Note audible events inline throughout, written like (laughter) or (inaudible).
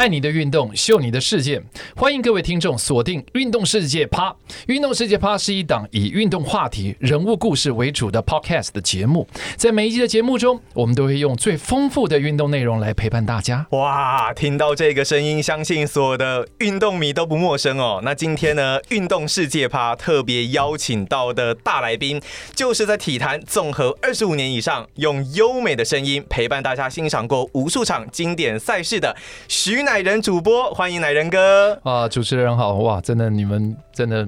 愛你的運動，秀你的世界，歡迎各位聽眾鎖定《運動視界啪》。《運動視界啪》是一檔以運動話題、人物故事為主的 podcast 的節目。在每一集的節目中，我們都會用最豐富的運動內容來陪伴大家。哇，聽到這個聲音，相信所有的運動迷都不陌生哦。那今天呢，《運動視界啪》特別邀請到的大來賓，就是在體壇縱橫二十五年以上，用優美的聲音陪伴大家欣賞過無數場經典賽事的許乃仁主播，歡迎乃仁哥啊！主持人好哇，真的你們真的，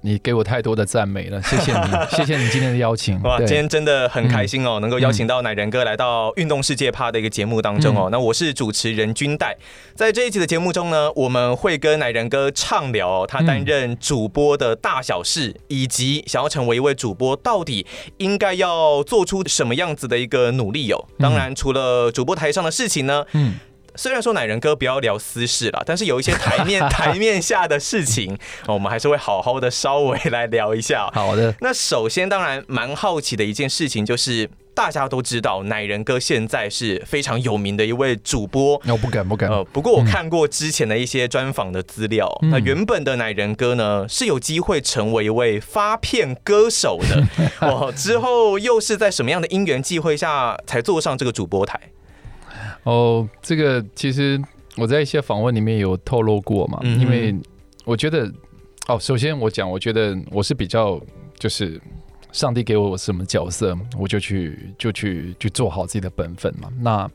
你給我太多的讚美了，謝謝你， (laughs) 謝謝你今天的邀請哇！今天真的很開心哦，嗯、能夠邀請到乃仁哥來到《運動視界啪》的一個節目當中哦。嗯、那我是主持人君代，在這一期的節目中呢，我們會跟乃仁哥暢聊、哦、他擔任主播的大小事，嗯、以及想要成為一位主播到底應該要做出什麼樣子的一個努力喲、哦。當然，除了主播台上的事情呢，嗯。雖然說乃仁哥不要聊私事了，但是有一些台面 (laughs) 台面下的事情，我們還是會好好的稍微來聊一下。好的，那首先當然蠻好奇的一件事情就是，大家都知道乃仁哥現在是非常有名的一位主播，那我不敢不敢、呃。不過我看過之前的一些專訪的資料，嗯、那原本的乃仁哥呢是有機會成為一位發片歌手的，哇， (laughs) 之後又是在什麼樣的因緣際會下才坐上這個主播台？哦，oh, 這個其實我在一些訪問裡面有透露過嘛，嗯哼。因為我覺得，哦，首先我講，我覺得我是比較就是上帝給我什麼角色，我就去就去去做好自己的本分嘛。那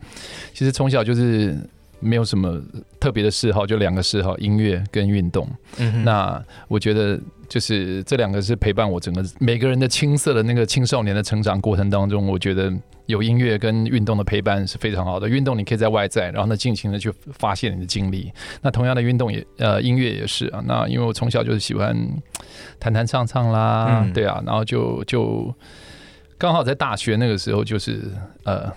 其實從小就是沒有什麼特別的嗜好，就兩個嗜好，音樂跟運動。嗯哼。那我覺得。就是這兩個是陪伴我整個每個人的青澀的那個青少年的成長過程當中，我覺得有音樂跟運動的陪伴是非常好的。運動你可以在外在，然後呢盡情的去發現你的經歷。那同樣的運動也呃音樂也是啊。那因為我從小就是喜歡彈彈唱唱啦，嗯、對啊，然後就就剛好在大學那個時候就是呃。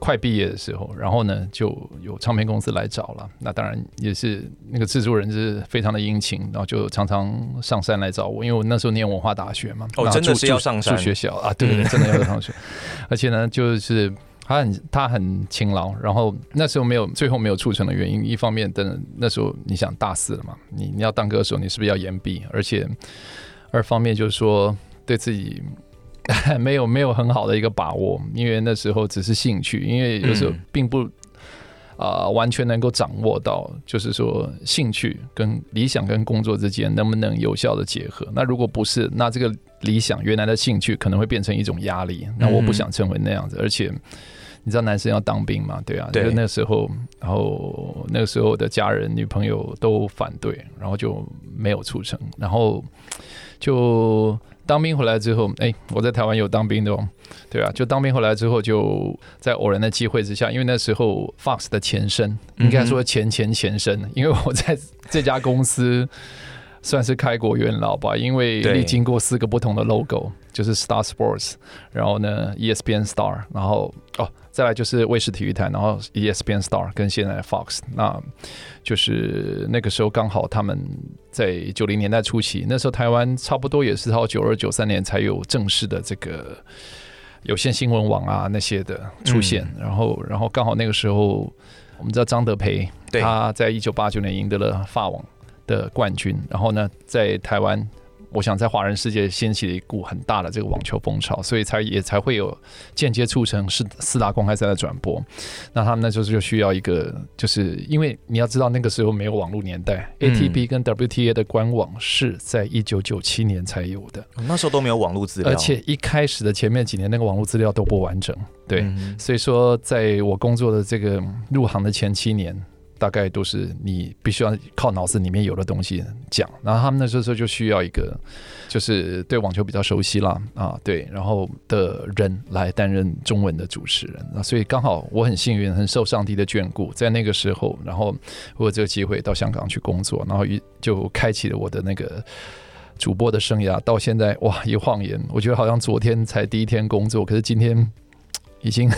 快畢業的時候，然後呢，就有唱片公司來找了。那當然也是那個製作人是非常的殷勤，然後就常常上山來找我。因為我那時候念文化大學嘛，哦，真的是要上山住，住學校、嗯、啊，對，真的要上學。 (laughs) 而且呢，就是他很他很勤勞。然後那時候沒有最後沒有促成的原因，一方面，等那時候你想大四了嘛，你你要當歌手，你是不是要延畢？而且二方面就是說對自己。 (laughs) 沒有沒有很好的一個把握，因為那時候只是興趣，因為有時候並不啊、嗯呃，完全能夠掌握到，就是說興趣跟理想跟工作之間能不能有效的結合。那如果不是，那這個理想原來的興趣可能會變成一種壓力。那我不想成為那樣子，嗯、而且你知道男生要當兵嘛？對啊，對就那時候，然後那個時候的家人、女朋友都反對，然後就沒有促成，然後就。當兵回來之後，哎、欸，我在台灣有當兵的，對吧、啊？就當兵回來之後，就在偶然的機會之下，因為那時候 FOX 的前身，應該說前前前身，嗯嗯，因為我在這家公司算是開國元老吧，因為歷經過四個不同的 logo，對就是 Star Sports，然後呢 ESPN Star，然後哦。再來就是衛視體育台，然後 ESPN Star 跟現在的 Fox，那就是那個時候剛好他們在九零年代初期，那時候台灣差不多也是到九二九三年才有正式的這個有線新聞網啊，那些的出現，嗯、然後然後剛好那個時候我們知道張德培他在一九八九年贏得了法網的冠軍，然後呢在台灣。我想在華人世界掀起了一股很大的這個網球風潮，所以才也才會有間接促成是四大公開賽的轉播。那他們那時候就需要一個，就是因為你要知道那個時候沒有網絡年代、嗯、ATP 跟 WTA 的官網是在一九九七年才有的、哦，那時候都沒有網絡資料，而且一開始的前面幾年那個網絡資料都不完整。對，嗯、所以說在我工作的這個入行的前七年。大概都是你必須要靠腦子裡面有的東西講，然後他們那時候就需要一個就是對網球比較熟悉啦啊，對，然後的人來擔任中文的主持人，那所以剛好我很幸運，很受上帝的眷顧，在那個時候，然後我有這個機會到香港去工作，然後就開啟了我的那個主播的生涯，到現在哇一晃眼，我覺得好像昨天才第一天工作，可是今天。已經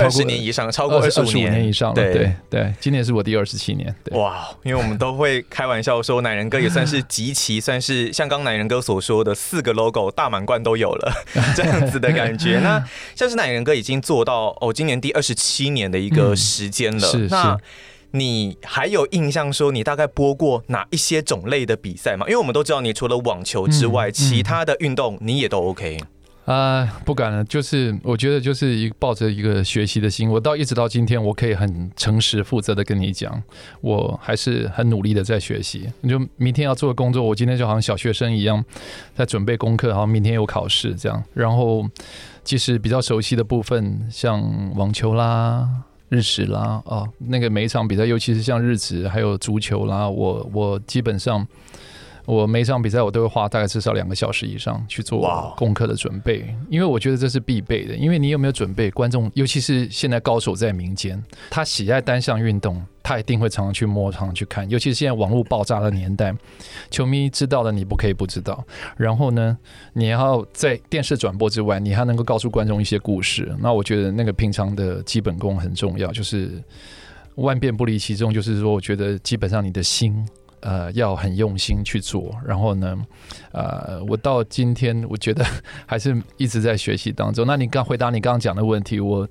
二十 (laughs) 年以上，超過二十五年以上了。上了對，對對，今年是我第二十七年。哇，因為我們都會開玩笑說，乃仁哥也算是極其算是像剛乃仁哥所說的四個 logo 大滿貫都有了 (laughs) 這樣子的感覺。 (laughs) 那像是乃仁哥已經做到哦，今年第二十七年的一個時間了。是、嗯、是。是，那你還有印象說你大概播過哪一些種類的比賽嗎？因為我們都知道，你除了網球之外，嗯嗯、其他的運動你也都 OK。啊，uh, 不敢了，就是我覺得就是一抱着一個學習的心，我到一直到今天，我可以很誠實負責的跟你講，我還是很努力的在學習。你就明天要做的工作，我今天就好像小學生一樣在準備功課，然後明天有考試這樣。然後，其實比較熟悉的部分，像網球啦、日職啦，哦，那個每一場比賽，尤其是像日職還有足球啦，我我基本上。我每一場比賽我都會花大概至少兩個小時以上去做功課的準備，因為我覺得這是必備的。因為你有沒有準備，觀眾尤其是現在高手在民間，他喜愛單項運動，他一定會常常去摸，常常去看。尤其是現在網絡爆炸的年代，球迷知道了你不可以不知道。然後呢，你要在電視轉播之外，你還能夠告訴觀眾一些故事。那我覺得那個平常的基本功很重要，就是萬變不離其宗。就是說，我覺得基本上你的心。呃，要很用心去做。然後呢，呃，我到今天，我覺得還是一直在學習當中。那你剛回答，你剛剛講的問題，我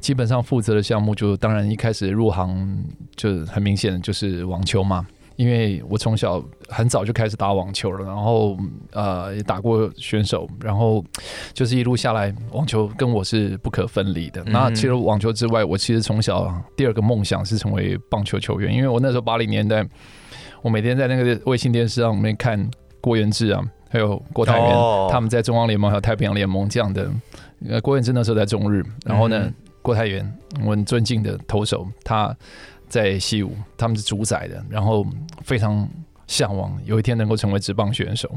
基本上負責的項目就是，當然一開始入行就很明顯就是網球嘛，因為我從小很早就開始打網球了，然後呃也打過選手，然後就是一路下來，網球跟我是不可分離的。嗯、那其實網球之外，我其實從小第二個夢想是成為棒球球員，因為我那時候八零年代。我每天在那個衛星電視上面看郭源治啊，還有郭泰源，oh. 他們在中央聯盟還有太平洋聯盟這樣的。郭源治那時候在中日，然後呢，mm hmm. 郭泰源我很尊敬的投手，他在西武，他們是主宰的，然後非常。嚮往有一天能夠成為職棒選手，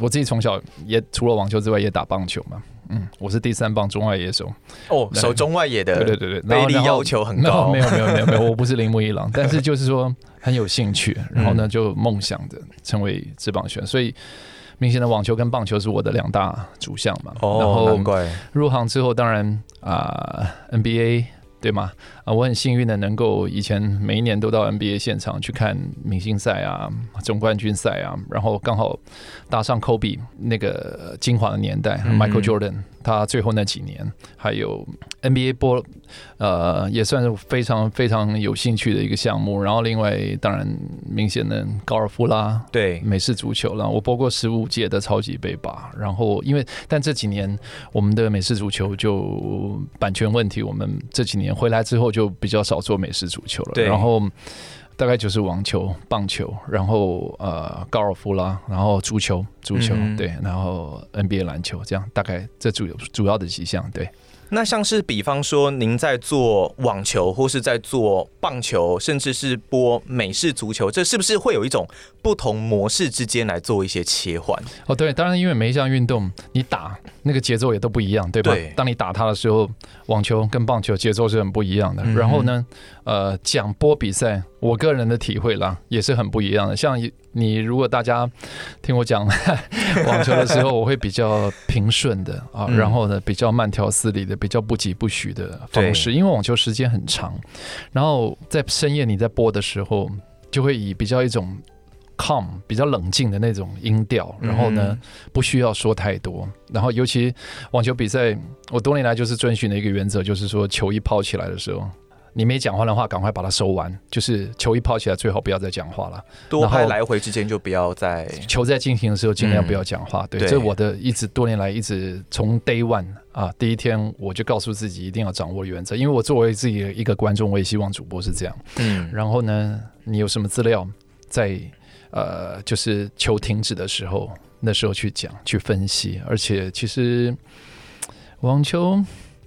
我自己從小也除了網球之外也打棒球嘛，嗯，我是第三棒中外野手，哦，守中外野的，對對對對，飛力要求很高，對對對，沒有沒有沒有沒有，我不是鈴木一郎。 (laughs) 但是就是說很有興趣，然後呢就夢想着成為職棒選手，嗯、所以明顯的網球跟棒球是我的兩大主項嘛，哦、然後、嗯、乖入行之後當然啊、呃、NBA。對嗎？啊，我很幸運的能夠以前每一年都到 NBA 現場去看明星賽啊、總冠軍賽啊，然後剛好搭上 Kobe 那個精華的年代、嗯、哼，Michael Jordan。他最後那幾年，還有 NBA 播，呃，也算是非常非常有興趣的一個項目。然後，另外當然明顯的高爾夫啦，對，美式足球啦，我播過十五屆的超級杯吧。然後，因為但這幾年我們的美式足球就版權問題，我們這幾年回來之後就比較少做美式足球了。對，然後。大概就是網球、棒球，然後呃高爾夫啦，然後足球、足球、嗯、對，然後 NBA 籃球這樣，大概這主主要的幾項對。那像是比方說，您在做網球或是在做棒球，甚至是播美式足球，這是不是會有一種？不同模式之間來做一些切換哦，oh, 對，當然因為每一項運動你打那個節奏也都不一樣，對吧？對。當你打他的時候，網球跟棒球節奏是很不一樣的。嗯、然後呢，呃，講播比賽，我個人的體會啦，也是很不一樣的。像你，你如果大家聽我講 (laughs) 網球的時候，我會比較平順的 (laughs) 啊，然後呢比較慢條斯理的，比較不疾不徐的方式，對因為網球時間很長。然後在深夜你在播的時候，就會以比較一種。Calm 比較冷靜的那種音調，然後呢、嗯、不需要說太多，然後尤其網球比賽，我多年來就是遵循的一個原則，就是說球一拋起來的時候，你沒講話的話，趕快把它收完，就是球一拋起來，最好不要再講話了。多拍來回之間就不要再然後球在進行的時候，盡量不要講話。嗯、對，對這我的一直多年來一直從 day one 啊，第一天我就告訴自己一定要掌握原則，因為我作為自己的一個觀眾，我也希望主播是這樣。嗯，然後呢，你有什麼資料再呃，就是球停止的時候，那時候去講、去分析。而且其實網球，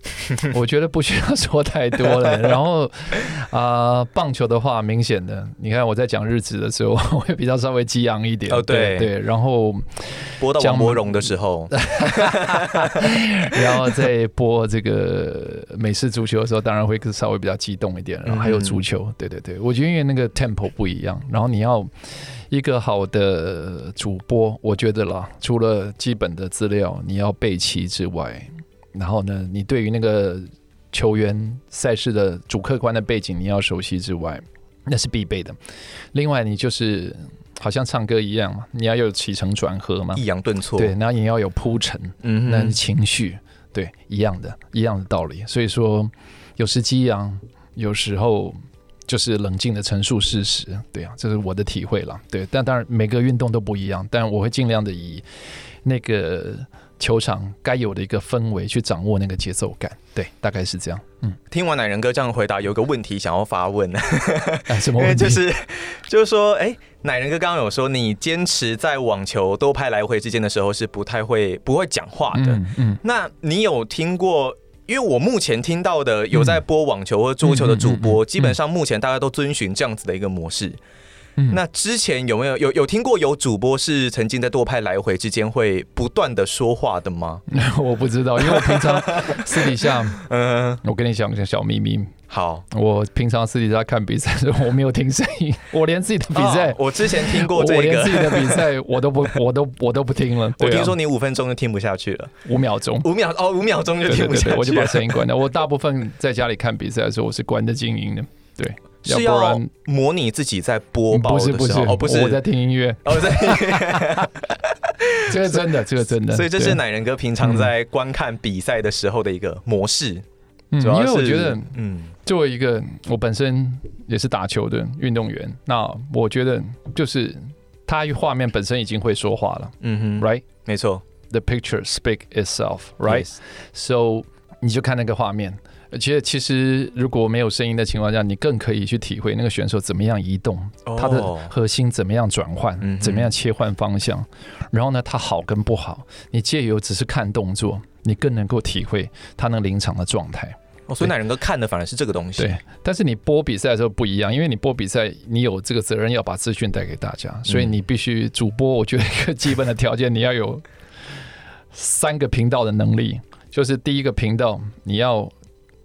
(laughs) 我覺得不需要說太多了。 (laughs) 然後啊、呃，棒球的話，明顯的，你看我在講日子的時候，會比較稍微激昂一點。哦，對對，對。然後播到王柏融的時候，講 (laughs) 然後再播這個美式足球的時候，當然會稍微比較激動一點。然後還有足球，嗯、對對對，我覺得因為那個 tempo 不一樣，然後你要。一個好的主播，我覺得啦，除了基本的資料你要備齊之外，然後呢，你對於那個球員賽事的主客觀的背景你要熟悉之外，那是必備的。另外，你就是好像唱歌一樣嘛，你要有起承轉合嘛，抑揚頓挫，對，然後你要有鋪陳，嗯哼，那情緒，對，一樣的，一樣的道理。所以說，有時激昂，有時候。就是冷靜的陳述事實，對啊，這是我的體會啦。對，但當然每個運動都不一樣，但我會盡量的以那個球場該有的一個氛圍去掌握那個節奏感，對，大概是這樣。嗯，聽完乃仁哥這樣回答，有個問題想要發問，哈、 (laughs) 哎、什麼問題？因為就是就是說，哎、欸，乃仁哥剛剛有說你堅持在網球多拍來回之間的時候是不太會不會講話的，嗯，嗯，那你有聽過？因為我目前聽到的有在播網球或足球的主播，基本上目前大家都遵循這樣子的一個模式。嗯、那之前有沒有有有聽過有主播是曾經在多拍來回之間會不斷的說話的嗎？ (laughs) 我不知道，因為我平常私底下， (laughs) 嗯，我跟你講講小秘密。好，我平常私底下看比賽，我沒有聽聲音，好我連自己的比賽，哦，我之前聽過這個， (laughs) 我連自己的比賽我都不，我都我都不聽了。啊、我聽說你五分鐘就聽不下去了， (laughs) 五秒鐘鐘，五秒哦，五秒鐘就聽不下去，對對對對，我就把聲音關了。 (laughs) 我大部分在家裡看比賽的時候，我是關着靜音的，對。是要模擬自己在播報？不是不是，我在聽音樂，我在聽音樂。這個真的，這個真的。所以這是奶人哥平常在觀看比賽的時候的一個模式。嗯，因為我覺得，嗯，作為一個我本身也是打球的運動員，那我覺得就是它畫面本身已經會說話了。嗯哼，Right，沒錯，The picture speak itself。Right，So 你就看那個畫面。其實，而且其實如果沒有聲音的情況下，你更可以去體會那個選手怎麼樣移動，oh, 他的核心怎麼樣轉換，嗯、哼怎麼樣切換方向，然後呢，他好跟不好，你借由只是看動作，你更能夠體會他那個臨場的狀態。Oh, 對所以乃仁哥看的反而是這個東西。對，但是你播比賽的時候不一樣，因為你播比賽，你有這個責任要把資訊帶給大家，所以你必須主播。我覺得一個基本的條件，你要有三個頻道的能力，就是第一個頻道你要。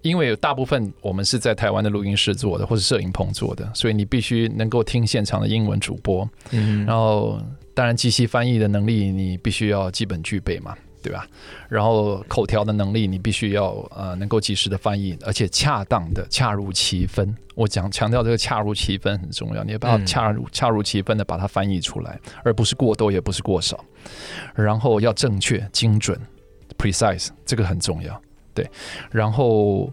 因為有大部分我們是在台灣的錄音室做的，或者攝影棚做的，所以你必須能夠聽現場的英文主播，嗯、哼然後當然機器翻譯的能力你必須要基本具備嘛，對吧？然後口條的能力你必須要呃能夠及時的翻譯，而且恰當的恰如其分。我講強調這個恰如其分很重要，你要把它恰如恰如其分的把它翻譯出來，嗯、而不是過多也不是過少，然後要正確精準 precise 這個很重要。對，然後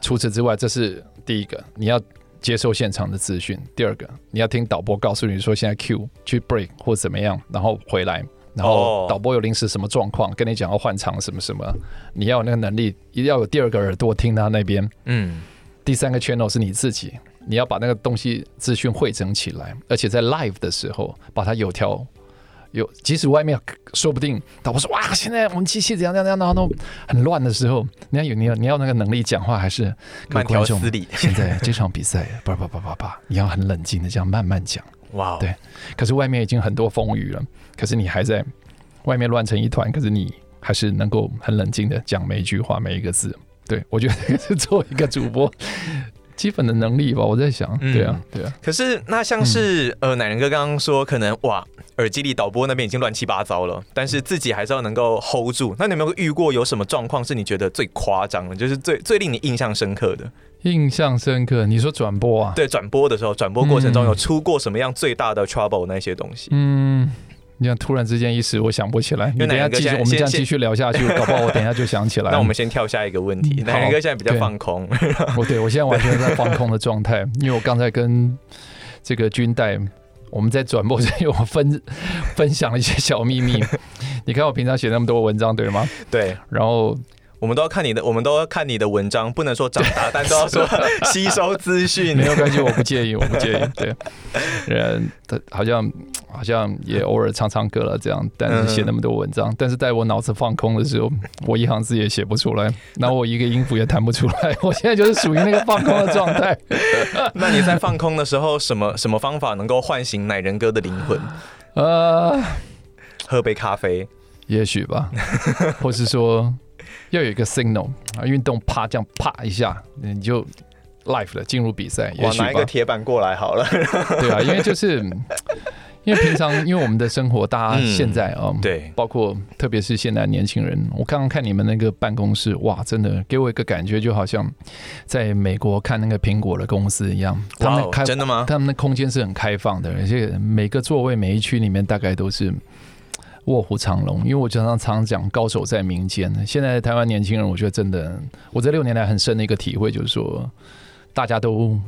除此之外，這是第一個，你要接受現場的資訊；第二個，你要聽導播告訴你說現在 cue 去 break 或怎麼樣，然後回來，然後導播有臨時什麼狀況，跟你講要換場什麼什麼，你要有那個能力，一定要有第二個耳朵聽他那邊。嗯，第三個 channel 是你自己，你要把那個東西資訊彙整起來，而且在 live 的時候把它有條。有，即使外面說不定導播說哇，現在我們機器怎樣怎樣怎樣，然後都很亂的時候，你要有，你要，你要那個能力講話，還是蠻條理。現在這場比賽，不是，不不不，你要很冷靜的這樣慢慢講。哇 Wow，對。可是外面已經很多風雨了，可是你還在外面亂成一團，可是你還是能夠很冷靜的講每一句話、每一個字。對，我覺得這是做一個主播， (laughs) 基本的能力吧，我在想，嗯、對啊，對啊。可是那像是呃，乃仁哥剛剛說，可能、嗯、哇，耳機裡導播那邊已經亂七八糟了，但是自己還是要能夠 hold 住。那你們有沒有遇過有什麼狀況是你覺得最誇張的，就是最最令你印象深刻的？印象深刻，你說轉播啊？對，轉播的時候，轉播過程中有出過什麼樣最大的 trouble 那些東西？嗯。嗯你像突然之間一時我想不起來，你等一下繼續，我們這樣繼續聊下去，搞不好我等一下就想起來。那我們先跳下一個問題，乃仁哥現在比較放空？對對我對我現在完全在放空的狀態，對因為我剛才跟這個軍代我們在轉播間有分分,分享了一些小秘密。 (laughs) 你看我平常寫那麼多文章，對嗎？對，然後。我們都要看你的，我們都要看你的文章，不能說長大，但都要說 (laughs) 吸收資訊。沒有關係，我不介意，我不介意。對，人，好像好像也偶爾唱唱歌了這樣，但是寫那麼多文章，嗯、但是在我腦子放空的時候，我一行字也寫不出來，然後我一個音符也彈不出來。我現在就是屬於那個放空的狀態。 (laughs) 那你在放空的時候，什麼什麼方法能夠喚醒乃仁哥的靈魂？呃，喝杯咖啡，也許吧，或是說。要有一個 signal 啊，運動啪這樣啪一下，你就 live 了，進入比賽。拿一個鐵板過來好了， (laughs) 對吧、啊？因為就是，因為平常 (laughs) 因為我們的生活，大家現在哦，嗯嗯、對，包括特別是現在年輕人，我剛剛看你們那個辦公室，哇，真的給我一個感覺，就好像在美國看那個蘋果的公司一樣。哇 Wow,，真的嗎？他們的空間是很開放的，而且每個座位每一區裡面大概都是。臥虎藏龍，因為我常常常講高手在民間。現在台灣年輕人，我覺得真的，我這六年來很深的一個體會就是說，大家都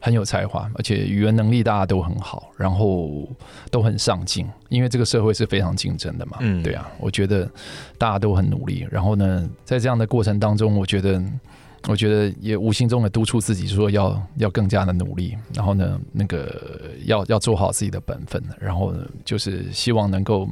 很有才華，而且語言能力大家都很好，然後都很上進，因為這個社會是非常競爭的嘛。嗯，對啊，我覺得大家都很努力。然後呢，在這樣的過程當中，我覺得，我覺得也無形中的督促自己說要要更加的努力，然後呢，那個要要做好自己的本分，然後就是希望能夠。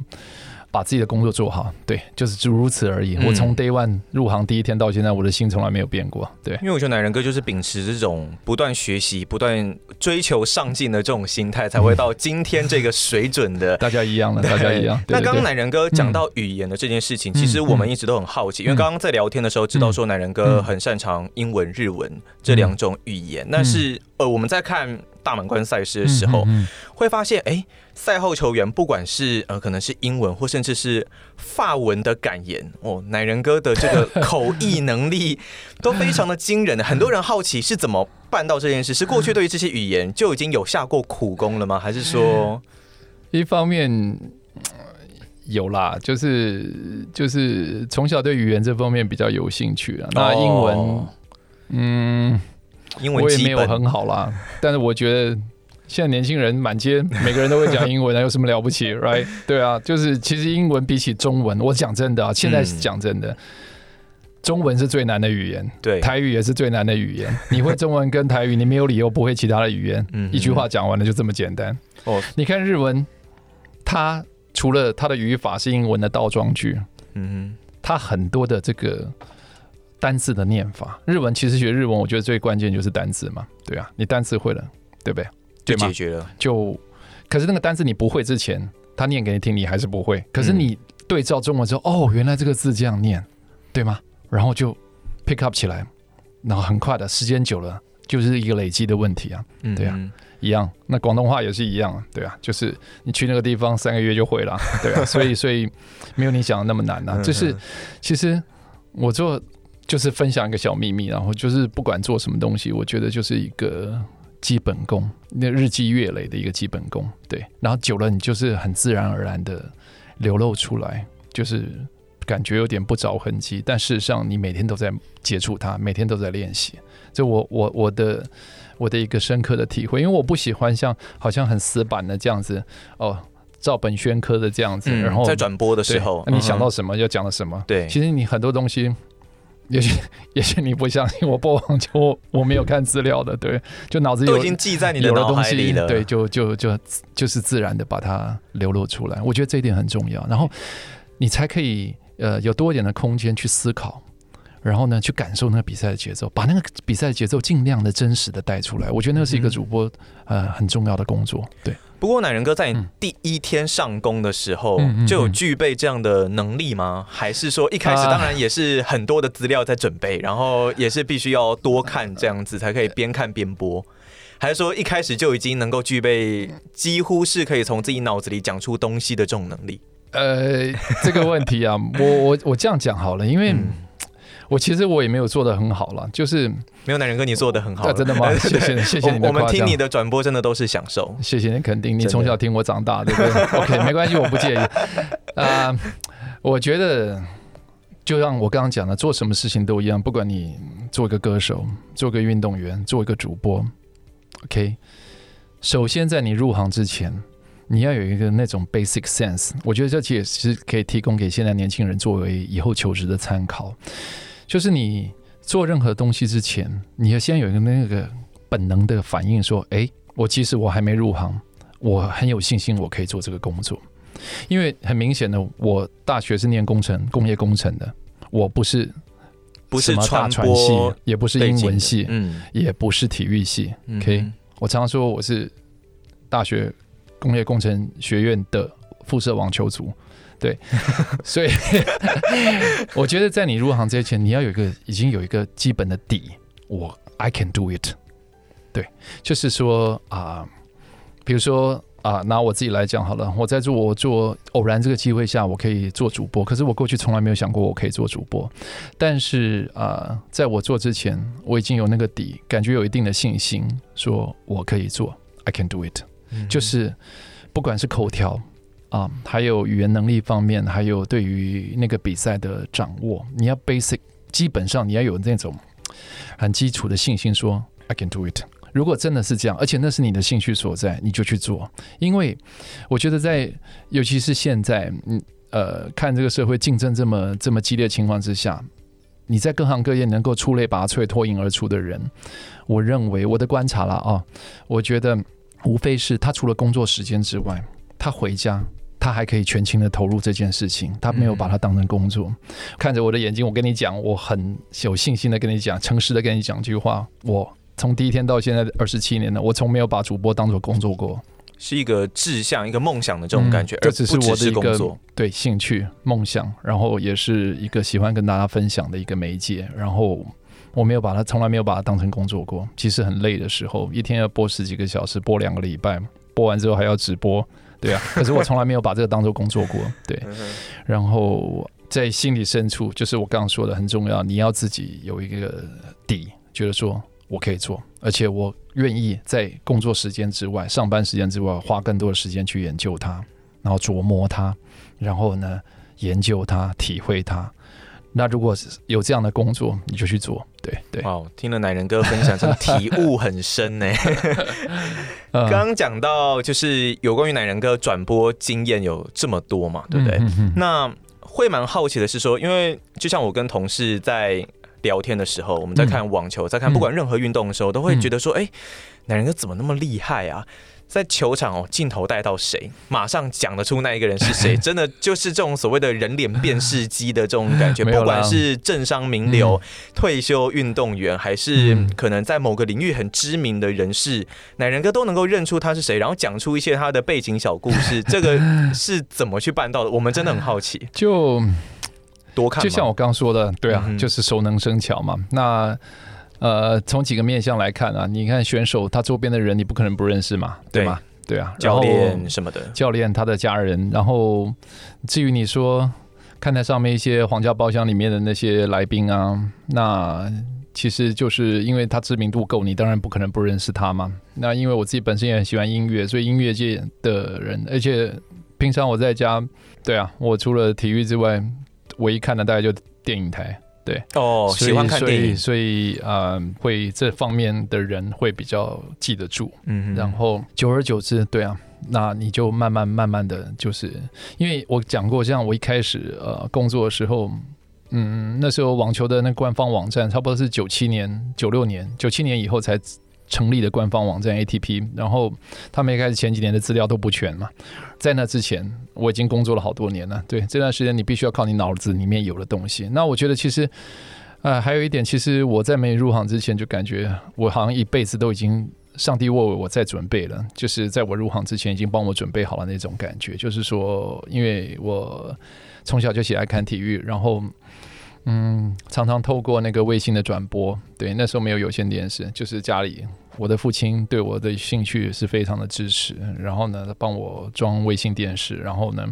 把自己的工作做好，對，就是如此而已。嗯、我從 day one 入行第一天到現在，我的心從來沒有變過。對，因為我覺得乃仁哥就是秉持這種不斷學習、不斷追求上進的這種心態，才會到今天這個水準的。嗯、 (laughs) 大家一樣了，對大家一樣。對對對，那剛剛乃仁哥講到語言的這件事情，嗯、其實我們一直都很好奇，嗯、因為剛剛在聊天的時候知道說乃仁哥很擅長英文、日文這兩種語言，嗯、但是呃，我們在看大滿貫賽事的時候，嗯嗯嗯會發現哎。賽後球員不管是呃，可能是英文或甚至是法文的感言哦，乃仁哥的這個口譯能力都非常的驚人。的 (laughs) 很多人好奇是怎麼辦到這件事，是過去對於這些語言就已經有下過苦功了嗎？還是說，一方面有啦，就是就是從小對語言這方面比較有興趣啊。哦、那英文，嗯，英文基本我也沒有很好啦，但是我覺得。現在年輕人滿街，每個人都會講英文啊，有 (laughs) 什麼了不起？Right？對啊，就是其實英文比起中文，我講真的啊，現在是講真的，嗯、中文是最難的語言，對，台語也是最難的語言。你會中文跟台語， (laughs) 你沒有理由不會其他的語言。嗯、哼一句話講完了，就這麼簡單。哦，oh, 你看日文，它除了它的語法是英文的倒裝句，嗯，它很多的這個單字的念法，日文其實學日文，我覺得最關鍵就是單字嘛，對啊，你單字會了，對不對？對嗎？就解決了，就，可是那個單詞你不會之前，他念給你聽，你還是不會。可是你對照中文之後，嗯、哦，原來這個字這樣念，對嗎？然後就 pick up 起來，然後很快的時間久了，就是一個累積的問題啊。對呀、啊，嗯、一樣。那廣東話也是一樣，對啊，就是你去那個地方三個月就會了，對啊。所以，所以沒有你想的那麼難啊。 (laughs) 就是，其實我做就是分享一個小祕密、啊，然後就是不管做什麼東西，我覺得就是一個基本功，那日積月累的一個基本功，對，然後久了你就是很自然而然的流露出來，就是感覺有點不着痕跡，但事實上你每天都在接觸它，每天都在練習。這我我我的我的一個深刻的體會，因為我不喜歡像好像很死板的這樣子，哦，照本宣科的這樣子，嗯、然後在轉播的時候，對嗯、哼你想到什麼就講了什麼。對，其實你很多東西。也許，也許你不相信，我播網球，我沒有看資料的，對，就腦子都已經記在你的腦海裡了，對，就就就就，就是自然的把它流露出來。我覺得這一點很重要，然後你才可以呃有多一點的空間去思考，然後呢去感受那個比賽的節奏，把那個比賽的節奏盡量的真實的帶出來。我覺得那是一個主播、嗯、呃很重要的工作，對。不過，乃仁哥在你第一天上工的時候、嗯、就有具備這樣的能力嗎？嗯嗯、還是說一開始當然也是很多的資料在準備，啊、然後也是必須要多看這樣子才可以邊看邊播？嗯、還是說一開始就已經能夠具備，幾乎是可以從自己腦子裡講出東西的這種能力？呃，這個問題啊， (laughs) 我我我這樣講好了，因為、嗯。我其實我也沒有做的很好了，就是沒有男人跟你做的很好了。啊，真的嗎？謝謝 (laughs) 對謝謝你們的誇獎，我們聽你的轉播真的都是享受。謝謝你肯定，你從小聽我長大，的對不對？OK，沒關係， (laughs) 我不介意。啊、uh,，我覺得就像我剛剛講的，做什麼事情都一樣，不管你做個歌手、做個運動員、做一個主播，OK。首先，在你入行之前，你要有一個那種 basic sense。我覺得這其實可以提供給現在年輕人作為以後求職的參考。就是你做任何東西之前，你要先有一個那個本能的反應，說：“哎、欸，我其實我還沒入行，我很有信心，我可以做這個工作。”因為很明顯的，我大學是念工程、工業工程的，我不是不是大傳系，也不是英文系，也不是體育系。o、okay? K，我常常說我是大學工業工程學院的附設網球組。對，所以 (laughs) (laughs) 我覺得在你入行之前，你要有一個已經有一個基本的底，我 I can do it。對，就是說啊、呃，比如說啊、呃，拿我自己來講好了，我在做我做偶然這個機會下，我可以做主播，可是我過去從來沒有想過我可以做主播。但是啊、呃，在我做之前，我已經有那個底，感覺有一定的信心，說我可以做，I can do it。嗯、哼就是不管是口條。啊，還有語言能力方面，還有對於那個比賽的掌握，你要 basic，基本上你要有那種很基礎的信心說，說 I can do it。如果真的是這樣，而且那是你的興趣所在，你就去做。因為我覺得在，尤其是現在，嗯、呃，呃，看這個社會競爭這麼這麼激烈的情況之下，你在各行各業能夠出類拔萃、脫穎而出的人，我認為，我的觀察了啊，我覺得無非是他除了工作時間之外，他回家。他還可以全情的投入這件事情，他沒有把它當成工作。嗯、看着我的眼睛，我跟你講，我很有信心的跟你講，誠實的跟你講句話，我從第一天到現在二十七年了，我從沒有把主播當做工作過，是一個志向、一個夢想的這種感覺，這、嗯、只是我的一個作對興趣、夢想，然後也是一個喜歡跟大家分享的一個媒介。然後我沒有把它，從來沒有把它當成工作過。其實很累的時候，一天要播十幾個小時，播兩個禮拜，播完之後還要直播。對啊，可是我從來沒有把這個當做工作過。對， (laughs) 然後在心裡深處，就是我剛剛說的很重要，你要自己有一個底，覺得說我可以做，而且我願意在工作時間之外、上班時間之外，花更多的時間去研究它，然後琢磨它，然後呢研究它、體會它。那如果有這樣的工作，你就去做。對對。哦，wow, 聽了乃仁哥分享，真的體悟很深呢、欸。 (laughs) 剛講到就是有關於乃仁哥轉播經驗有這麼多嘛，對不對？嗯嗯嗯、那會蠻好奇的是說，因為就像我跟同事在聊天的時候，我們在看網球，嗯、在看不管任何運動的時候，嗯、都會覺得說，哎、嗯，乃仁哥怎麼那麼厲害啊？在球場哦，鏡頭帶到誰，馬上講得出那一個人是誰。 (laughs) 沒有啦。真的就是這種所謂的人臉辨識機的這種感覺。不管是政商名流、嗯、退休運動員，還是可能在某個領域很知名的人士，乃、嗯、仁哥都能夠認出他是誰，然後講出一些他的背景小故事。 (laughs) 這個是怎麼去辦到的？我們真的很好奇。就多看嘛，就像我剛剛說的，對啊，嗯、哼就是熟能生巧嘛。那。呃，從幾個面向來看啊，你看選手他周邊的人，你不可能不認識嘛，對，對嗎？對啊，教練什麼的，教練他的家人，然後至於你說看台上面一些皇家包廂裡面的那些來賓啊，那其實就是因為他知名度夠，你當然不可能不認識他嘛。那因為我自己本身也很喜歡音樂，所以音樂界的人，而且平常我在家，對啊，我除了體育之外，唯一看的大概就電影台。對哦，以喜歡看電影，所以，所以，呃，會這方面的人會比較記得住，嗯哼，然後久而久之，對啊，那你就慢慢慢慢的就是，因為我講過，像我一開始呃工作的時候，嗯，那時候網球的那官方網站差不多是九七年、九六年、九七年以後才。成立的官方網站 ATP，然後他們一開始前幾年的資料都不全嘛，在那之前我已經工作了好多年了。對，這段時間，你必須要靠你腦子裡面有的東西。那我覺得其實，呃，還有一點，其實我在沒入行之前就感覺我好像一輩子都已經上帝為我在準備了，就是在我入行之前已經幫我準備好了那種感覺。就是說，因為我從小就喜愛看體育，然後。嗯，常常透過那個衛星的轉播，對，那時候沒有有線電視，就是家裡我的父親對我的興趣也是非常的支持，然後呢，他幫我裝衛星電視，然後呢，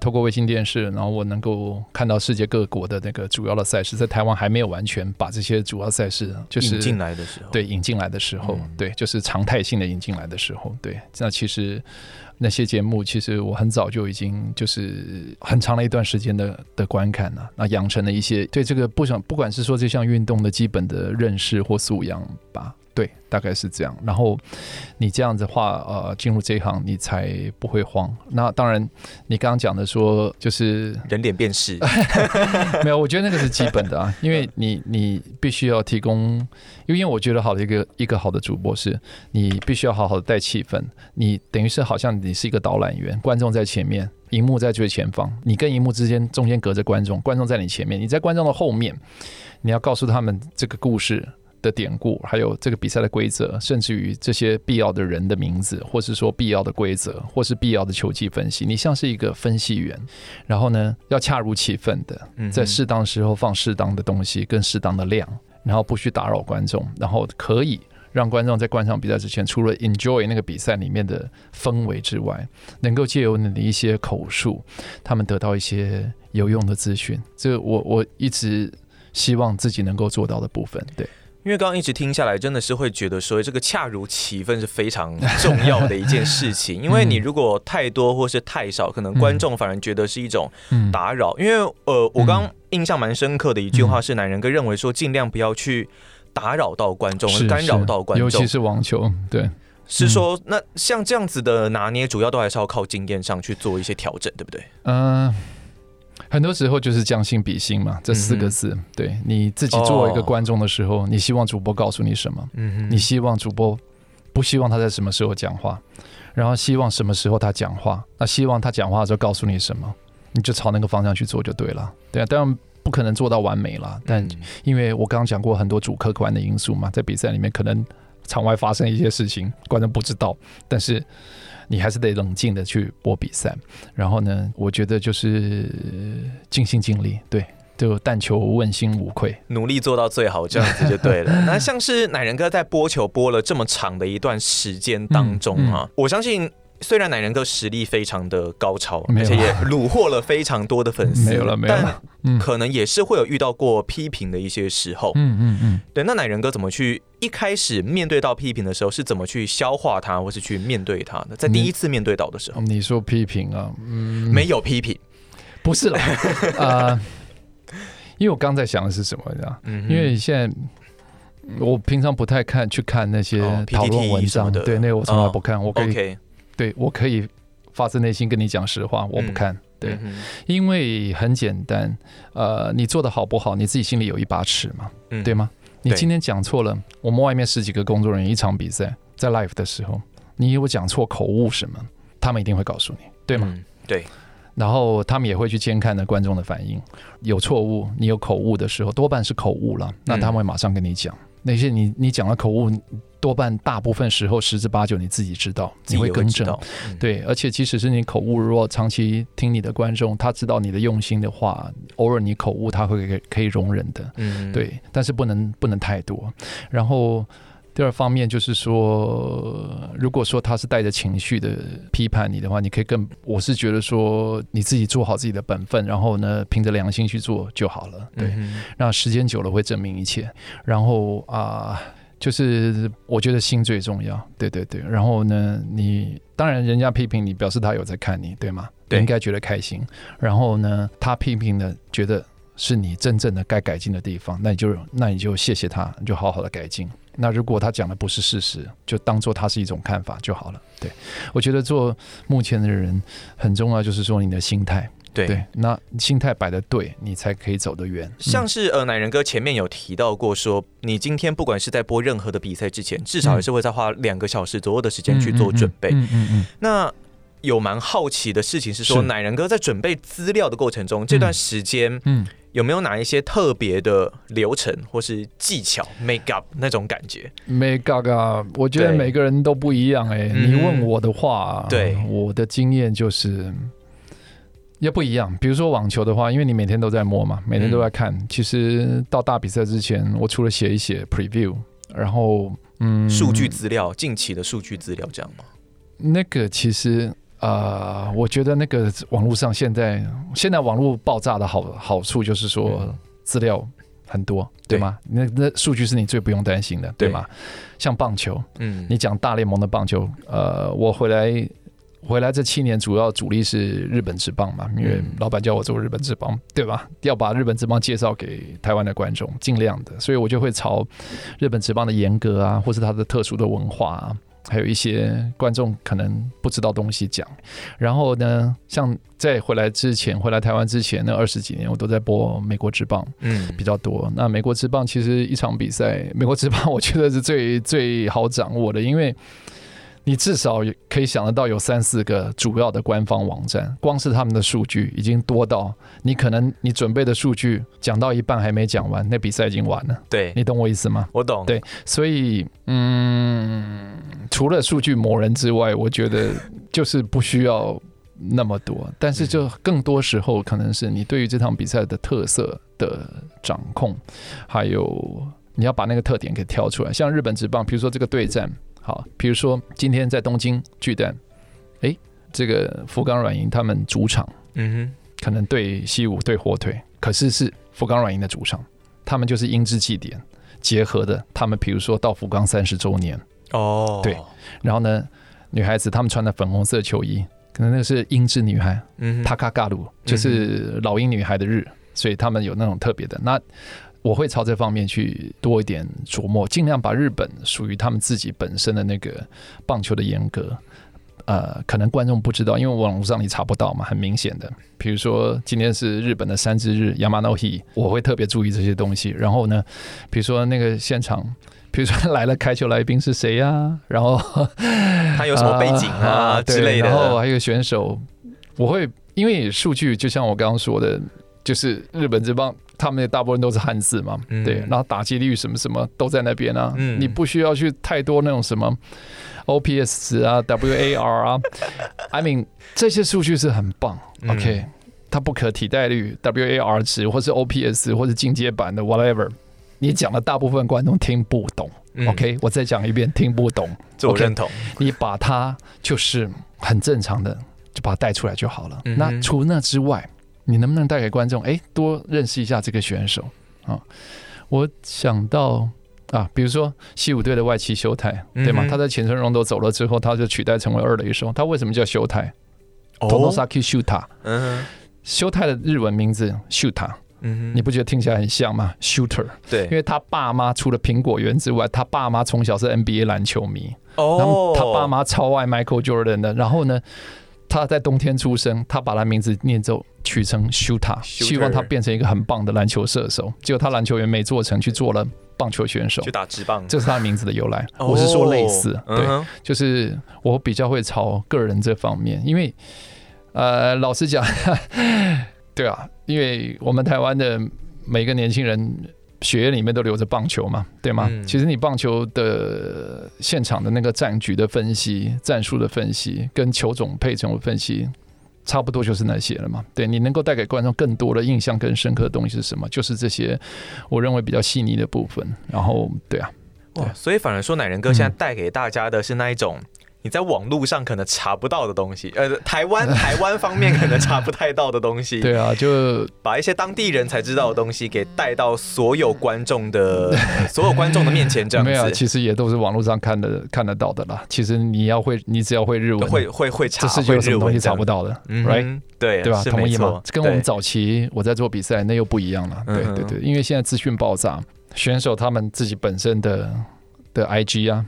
透過衛星電視，然後我能夠看到世界各國的那個主要的賽事，在台灣還沒有完全把這些主要賽事就是進來的時候，對，引進來的時候，對，就是常態性的引進來的時候，對，那其實。那些節目，其實我很早就已經就是很長的一段時間的的觀看了，那養成了一些對這個不想不管是說這項運動的基本的認識或素養吧。對，大概是這樣。然後你這樣子的話，呃，進入這一行你才不會慌。那當然，你剛剛講的說就是人臉辨識， (laughs) 沒有，我覺得那個是基本的啊， (laughs) 因為你你必須要提供，因為我覺得好的一個一個好的主播是你必須要好好的帶氣氛，你等於是好像你是一個導覽員，觀眾在前面，熒幕在最前方，你跟熒幕之間中間隔着觀眾，觀眾在你前面，你在觀眾的後面，你要告訴他們這個故事。的典故，還有這個比賽的規則，甚至於這些必要的人的名字，或是說必要的規則，或是必要的球技分析，你像是一個分析員，然後呢，要恰如其分的，在適當的時候放適當的東西，跟適當的量，嗯嗯，然後不需打擾觀眾，然後可以讓觀眾在觀賞比賽之前，除了 enjoy 那個比賽裡面的氛圍之外，能夠借由你的一些口述，他們得到一些有用的資訊。這個，我我一直希望自己能夠做到的部分，對。因為剛剛一直聽下來，真的是會覺得說，這個恰如其分是非常重要的一件事情。 (laughs) 嗯、因為你如果太多或是太少，可能觀眾反而覺得是一種打擾。嗯嗯、因為呃，我剛印象蠻深刻的一句話是，男人哥認為說，盡量不要去打擾到觀眾，干擾到觀眾，尤其是網球，對，是說、嗯、那像這樣子的拿捏，主要都還是要靠經驗上去做一些調整，對不對？嗯。呃很多時候就是將心比心嘛，這四個字。嗯、哼對，你自己作為一個觀眾的時候，哦、你希望主播告訴你什麼？嗯、哼你希望主播不希望他在什麼時候講話，然後希望什麼時候他講話？那希望他講話的時候告訴你什麼？你就朝那個方向去做就對了。對啊，當然不可能做到完美了，嗯、但因為我剛剛講過很多主客觀的因素嘛，在比賽裡面可能場外發生一些事情，觀眾不知道，但是。你還是得冷靜的去播比賽，然後呢，我覺得就是盡心盡力，對，就但求問心無愧，努力做到最好，這樣子就對了。 (laughs) 那像是乃仁哥在播球播了這麼長的一段時間當中啊，嗯嗯、我相信。雖然乃仁哥實力非常的高超，而且也虜獲了非常多的粉絲，沒有了沒有，但可能也是會有遇到過批評的一些時候。嗯嗯嗯，對，那乃仁哥怎麼去一開始面對到批評的時候，是怎麼去消化他，或是去面對他呢？在第一次面對到的時候，你說批評啊？嗯，沒有批評，不是了啊。因為我剛在想的是什麼呢？因為現在我平常不太看去看那些 PPT 什麼的，對，那我從來不看，我可以。對，我可以發自內心跟你講實話，嗯、我不看。對，嗯嗯嗯、因為很簡單，呃，你做得好不好，你自己心裡有一把尺嘛，嗯、對嗎？你今天講錯了，我們外面十幾個工作人員一場比賽，在 live 的時候，你有講錯口誤什麼，他們一定會告訴你，對嗎？嗯、對，然後他們也會去監看的觀眾的反應，有錯誤，你有口誤的時候，多半是口誤了，那他們會馬上跟你講。嗯那些你你講的口誤，多半大部分時候，十之八九你自己知道，你會更正。對，而且即使是你口誤，如果長期聽你的觀眾，他知道你的用心的話，偶爾你口誤，他會可以容忍的。嗯，對，但是不能不能太多。然後。第二方面就是說，如果說他是帶着情緒的批判你的話，你可以更，我是覺得說你自己做好自己的本分，然後呢，憑着良心去做就好了。對，嗯哼。那時間久了會證明一切。然後啊、呃，就是我覺得心最重要。對對對。然後呢，你當然人家批評你，表示他有在看你，對嗎？對。你應該覺得開心。然後呢，他批評的覺得是你真正的該改進的地方，那你就那你就謝謝他，你就好好的改進。那如果他講的不是事實，就當做他是一種看法就好了。對，我覺得做目前的人很重要，就是說你的心態。對,對，那心態擺得對，你才可以走得遠。像是呃，乃仁哥前面有提到過說，說你今天不管是在播任何的比賽之前，至少也是會再花兩個小時左右的時間去做準備。嗯嗯,嗯,嗯,嗯,嗯那有蠻好奇的事情是說，乃是仁哥在準備資料的過程中，這段時間，嗯。嗯有沒有哪一些特別的流程或是技巧，make up 那種感覺？make up，我覺得每個人都不一樣哎、欸。嗯、你問我的話，對，我的經驗就是也不一樣。比如說網球的話，因為你每天都在摸嘛，每天都在看。嗯、其實到大比賽之前，我除了寫一寫 preview，然後嗯，數據資料，近期的數據資料這樣嗎？那個其實。呃，我覺得那個網絡上現在現在網絡爆炸的好好處就是說資料很多，對嗎？對那那數據是你最不用擔心的，對，對嗎？像棒球，嗯，你講大聯盟的棒球，呃，我回來回來這七年主要主力是日本職棒嘛，因為老板叫我做日本職棒，嗯、對吧？要把日本職棒介紹給台灣的觀眾，盡量的，所以我就會朝日本職棒的嚴格啊，或是它的特殊的文化、啊。還有一些觀眾可能不知道東西講，然後呢，像在回來之前，回來台灣之前那二十幾年，我都在播美國職棒，嗯，比較多。那美國職棒其實一場比賽，美國職棒我覺得是最最好掌握的，因為你至少可以想得到有三四個主要的官方網站，光是他們的數據已經多到你可能你準備的數據講到一半還沒講完，那比賽已經完了。對，你懂我意思嗎？我懂。對，所以嗯。除了數據魔人之外，我覺得就是不需要那麼多， (laughs) 但是就更多時候可能是你對於這場比賽的特色的掌控，還有你要把那個特點給挑出來。像日本職棒，比如說這個對戰，好，比如說今天在東京巨蛋，誒、欸，這個福岡軟銀他們主場，嗯哼，可能對西武對火腿，可是是福岡軟銀的主場，他們就是英姿祭典結合的，他們比如說到福岡三十周年。哦，oh、對，然後呢，女孩子她們穿的粉紅色球衣，可能那是鷹之女孩，嗯哼，タカガル、嗯、哼就是老鷹女孩的日，所以他們有那種特別的。那我會朝這方面去多一點琢磨，盡量把日本屬於他們自己本身的那個棒球的嚴格，呃，可能觀眾不知道，因為網絡上你查不到嘛，很明顯的。比如說今天是日本的山之日，ヤマノヒ，我會特別注意這些東西。然後呢，比如說那個現場。比如說來了開球來賓是誰呀、啊？然後他有什麼背景啊，啊，啊之類的。然後還有選手，我會因為數據就像我剛剛說的，就是日本這幫他們的大部分都是漢字嘛，嗯、對，然後打擊率什麼什麼都在那邊啊，嗯、你不需要去太多那種什麼 OPS 值啊，WAR 啊。 (laughs) I mean 這些數據是很棒，嗯、OK，它不可替代率，WAR 值、或是 OPS，或是進階版的 whatever。你講的大部分觀眾聽不懂、嗯、，OK？我再講一遍，聽不懂。嗯、做我認同、OK？你把它就是很正常的，就把它帶出來就好了。嗯、哼那除那之外，你能不能帶給觀眾哎、欸，多認識一下這個選手啊、哦？我想到啊，比如說西武隊的外崎修太，嗯、哼對嗎？他在淺村榮斗走了之後，他就取代成為二壘手。他為什麼叫修太？Tonosaki Shuta，、哦、嗯哼，修太的日文名字修塔。你不覺得聽起來很像嗎？Shooter，對，因為他爸媽除了蘋果園之外，他爸媽從小是 NBA 籃球迷，oh、然後他爸媽超愛 Michael Jordan 的。然後呢，他在冬天出生，他把他名字念成取成 sho Shooter，希望他變成一個很棒的籃球射手。結果他籃球員沒做成，去做了棒球選手，去打職棒。這是他名字的由來。Oh、我是說類似，對，uh huh、就是我比較會朝個人這方面，因為呃，老實講。 (laughs) 對啊，因為我們台灣的每個年輕人血液裡面都流着棒球嘛，對嗎？嗯、其實你棒球的現場的那個戰局的分析、戰術的分析，跟球種配種的分析，差不多就是那些了嘛。對，你能夠帶給觀眾更多的印象、更深刻的東西是什麼？就是這些我認為比較細膩的部分。然後，對啊，對。哇，所以反而說乃仁哥現在帶給大家的是那一種。嗯你在網絡上可能查不到的東西，呃，台灣台灣方面可能查不太到的東西。對啊，就把一些當地人才知道的東西給帶到所有觀眾的、所有觀眾的面前，這樣子。沒有，其實也都是網絡上看的、看得到的啦。其實你要會，你只要會日文，會會會查，會日文查不到的，right？對對吧？同意嗎？跟我們早期我在做比賽那又不一樣了。對對對，因為現在資訊爆炸，選手他們自己本身的的 IG 啊。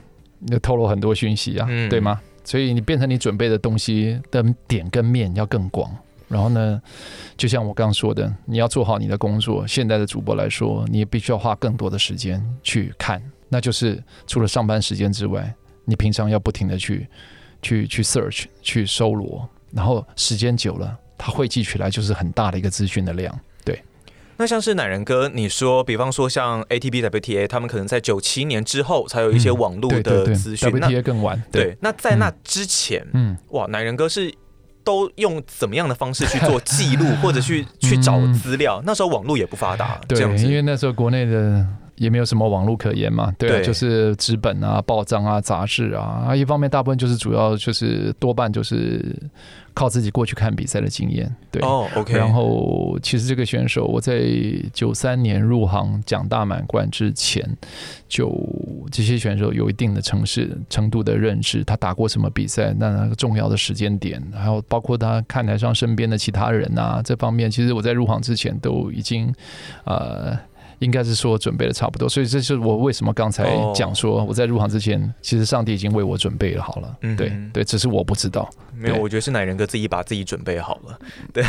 就透露很多訊息啊，嗯、對嗎？所以你變成你準備的東西的點跟面要更廣。然後呢，就像我剛剛說的，你要做好你的工作。現在的主播來說，你也必須要花更多的時間去看。那就是除了上班時間之外，你平常要不停的去、去、去 search、去搜羅。然後時間久了，它匯集起來，就是很大的一個資訊的量。那像是乃仁哥，你說，比方說像 ATP WTA，他們可能在九七年之後才有一些網絡的資訊。WTA 更晚。對，對嗯、那在那之前，嗯、哇，乃仁哥是都用怎麼樣的方式去做記錄、嗯、或者去去找資料？嗯、那時候網絡也不發達，對因為那時候國內的也沒有什麼網絡可言嘛，對、啊，對就是紙本啊、報章啊、雜誌啊，一方面大部分就是主要就是多半就是。靠自己過去看比賽的經驗，對，oh, okay. 然後其實這個選手，我在九三年入行講大滿貫之前，就這些選手有一定的城市程度的認識，他打過什麼比賽，那個重要的時間點，還有包括他看台上身邊的其他人啊，這方面，其實我在入行之前都已經呃。應該是說準備的差不多，所以這是我為什麼剛才講說我在入行之前，其實上帝已經為我準備好了。嗯，對對，只是我不知道。沒有，我覺得是乃仁哥自己把自己準備好了，對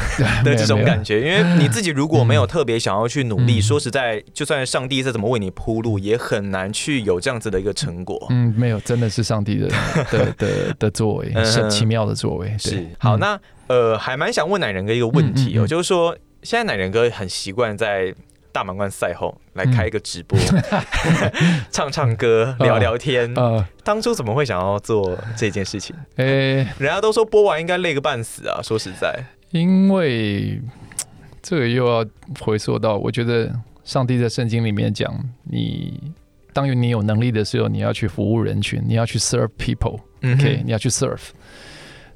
的這種感覺。因為你自己如果沒有特別想要去努力，說實在，就算上帝再怎麼為你鋪路，也很難去有這樣子的一個成果。嗯，沒有，真的是上帝的的的的作為，很奇妙的作為。是好，那呃，還蠻想問乃仁哥一個問題哦，就是說現在乃仁哥很習慣在。大滿貫賽後來開一個直播，嗯、 (laughs) 唱唱歌，聊聊天。哦哦，當初怎麼會想要做這件事情？哎，人家都說播完應該累個半死啊！說實在，因為這個又要回溯到，我覺得上帝在聖經裡面講，你當於你有能力的時候，你要去服務人群，你要去 serve people，OK，嗯哼，okay? 你要去 serve。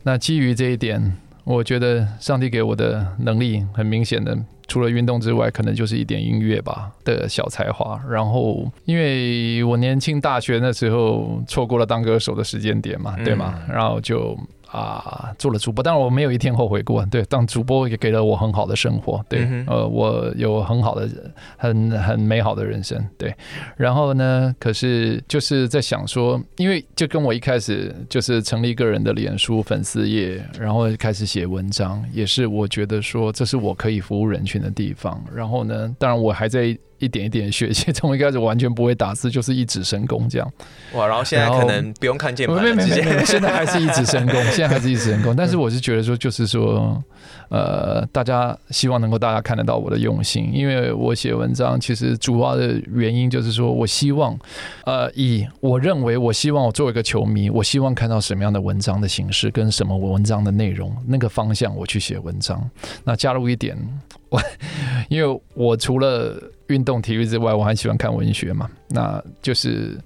那基於這一點。我覺得上帝給我的能力很明顯的，除了運動之外，可能就是一點音樂吧的小才華。然後，因為我年輕大學那時候錯過了當歌手的時間點嘛，對嗎？嗯、然後就。啊，做了主播，當然我沒有一天後悔過。對，當主播也給了我很好的生活。對，嗯、哼呃，我有很好的、很很美好的人生。對，然後呢，可是就是在想說，因為就跟我一開始就是成立個人的臉書粉絲頁，然後開始寫文章，也是我覺得說這是我可以服務人群的地方。然後呢，當然我還在。一點一點學習，從一開始完全不會打字，就是一指神功這樣。哇，然後現在可能不用看鍵盤了，後沒沒沒，現在還是一指神功， (laughs) 現在還是一指神功。但是我是覺得說，就是說。呃，大家希望能夠大家看得到我的用心，因為我寫文章其實主要的原因就是說我希望，呃，以我認為我希望我作為一個球迷，我希望看到什麼樣的文章的形式跟什麼文章的內容，那個方向我去寫文章。那加入一點，我因為我除了運動體育之外，我還喜歡看文學嘛，那就是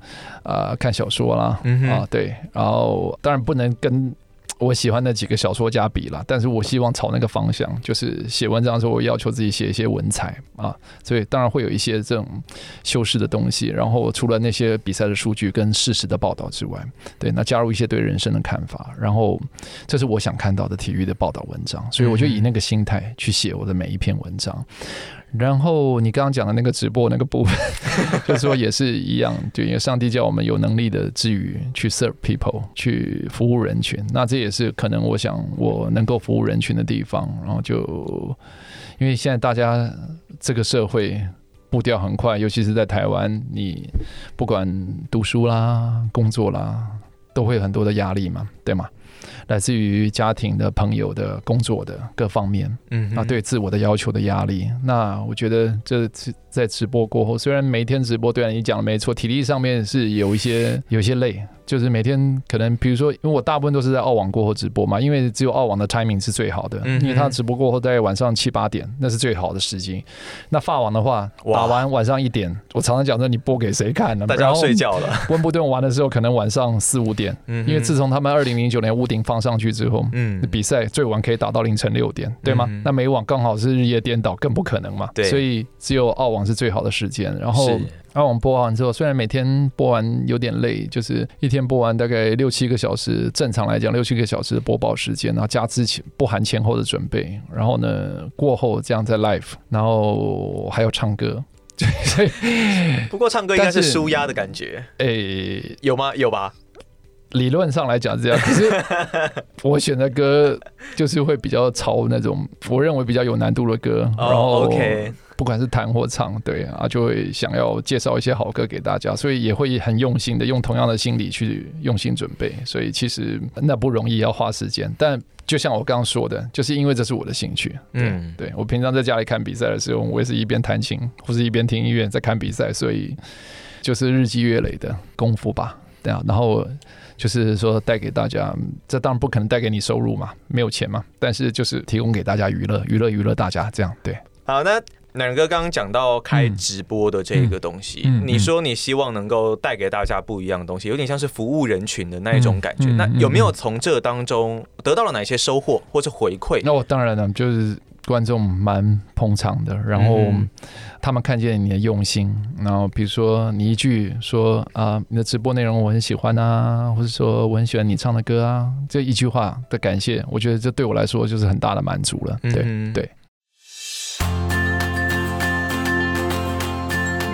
啊，呃，看小說啦，啊，嗯哼，呃，對，然後當然不能跟。我喜歡那幾個小說家筆啦，但是我希望朝那個方向，就是寫文章的時候，我要求自己寫一些文采啊，所以當然會有一些這種修飾的東西。然後除了那些比賽的數據跟事實的報道之外，對，那加入一些對人生的看法。然後，這是我想看到的體育的報道文章，所以我就以那個心態去寫我的每一篇文章。嗯然後你剛剛講的那個直播那個部分， (laughs) 就是說也是一樣，對，因為上帝叫我們有能力的之餘去 serve people，去服務人群。那這也是可能，我想我能夠服務人群的地方。然後就因為現在大家這個社會步調很快，尤其是在台灣，你不管讀書啦、工作啦，都會很多的壓力嘛，對嗎？來自於家庭的、朋友的、工作的各方面，嗯哼，那對自我的要求的壓力，那我覺得這次在直播過後，雖然每天直播，對啊，你講的沒錯，體力上面是有一些 (laughs) 有一些累。就是每天可能，比如說，因為我大部分都是在澳網過後直播嘛，因為只有澳網的 timing 是最好的，嗯嗯，因為他直播過後在晚上七八點，那是最好的時間。那法網的話，哇打完晚上一點，我常常講說你播給誰看呢？大家要睡覺了。溫布頓玩的時候可能晚上四五點，嗯、哼因為自從他們二零零九年屋頂放上去之後，嗯、比賽最晚可以打到凌晨六點，對嗎？嗯嗯，那美網剛好是日夜顛倒，更不可能嘛。對所以只有澳網是最好的時間。然後。然後我們播完之後，雖然每天播完有點累，就是一天播完大概六七個小時，正常來講六七個小時的播報時間，然後加之前不含前後的準備，然後呢過後這樣再 live，然後還有唱歌，所以不過唱歌應該是舒壓的感覺，誒，欸，有嗎？有吧。理論上來講是這樣，可是我選的歌就是會比較抄那種我認為比較有難度的歌，然後，不管是彈或唱，對啊，就會想要介紹一些好歌給大家，所以也會很用心的用同樣的心理去用心準備，所以其實那不容易，要花時間。但就像我剛剛說的，就是因為這是我的興趣，嗯，對，我平常在家裡看比賽的時候，我也是一邊彈琴或者一邊聽音樂在看比賽，所以就是日積月累的功夫吧，對啊，然後。就是說帶給大家，這當然不可能帶給你收入嘛，沒有錢嘛。但是就是提供給大家娛樂，娛樂娛樂大家這樣，對。好，那乃仁哥剛剛講到開直播的這一個東西，嗯、你說你希望能夠帶給大家不一樣的東西，嗯、有點像是服務人群的那一種感覺。嗯、那有沒有從這當中得到了哪些收穫或者回饋？那我、哦、當然呢就是。觀眾蠻捧場的，然後他們看見你的用心，嗯、哼然後比如說你一句說啊、呃，你的直播內容我很喜歡啊，或者說我很喜歡你唱的歌啊，這一句話的感謝，我覺得這對我來說就是很大的滿足了，對、嗯、哼對。對。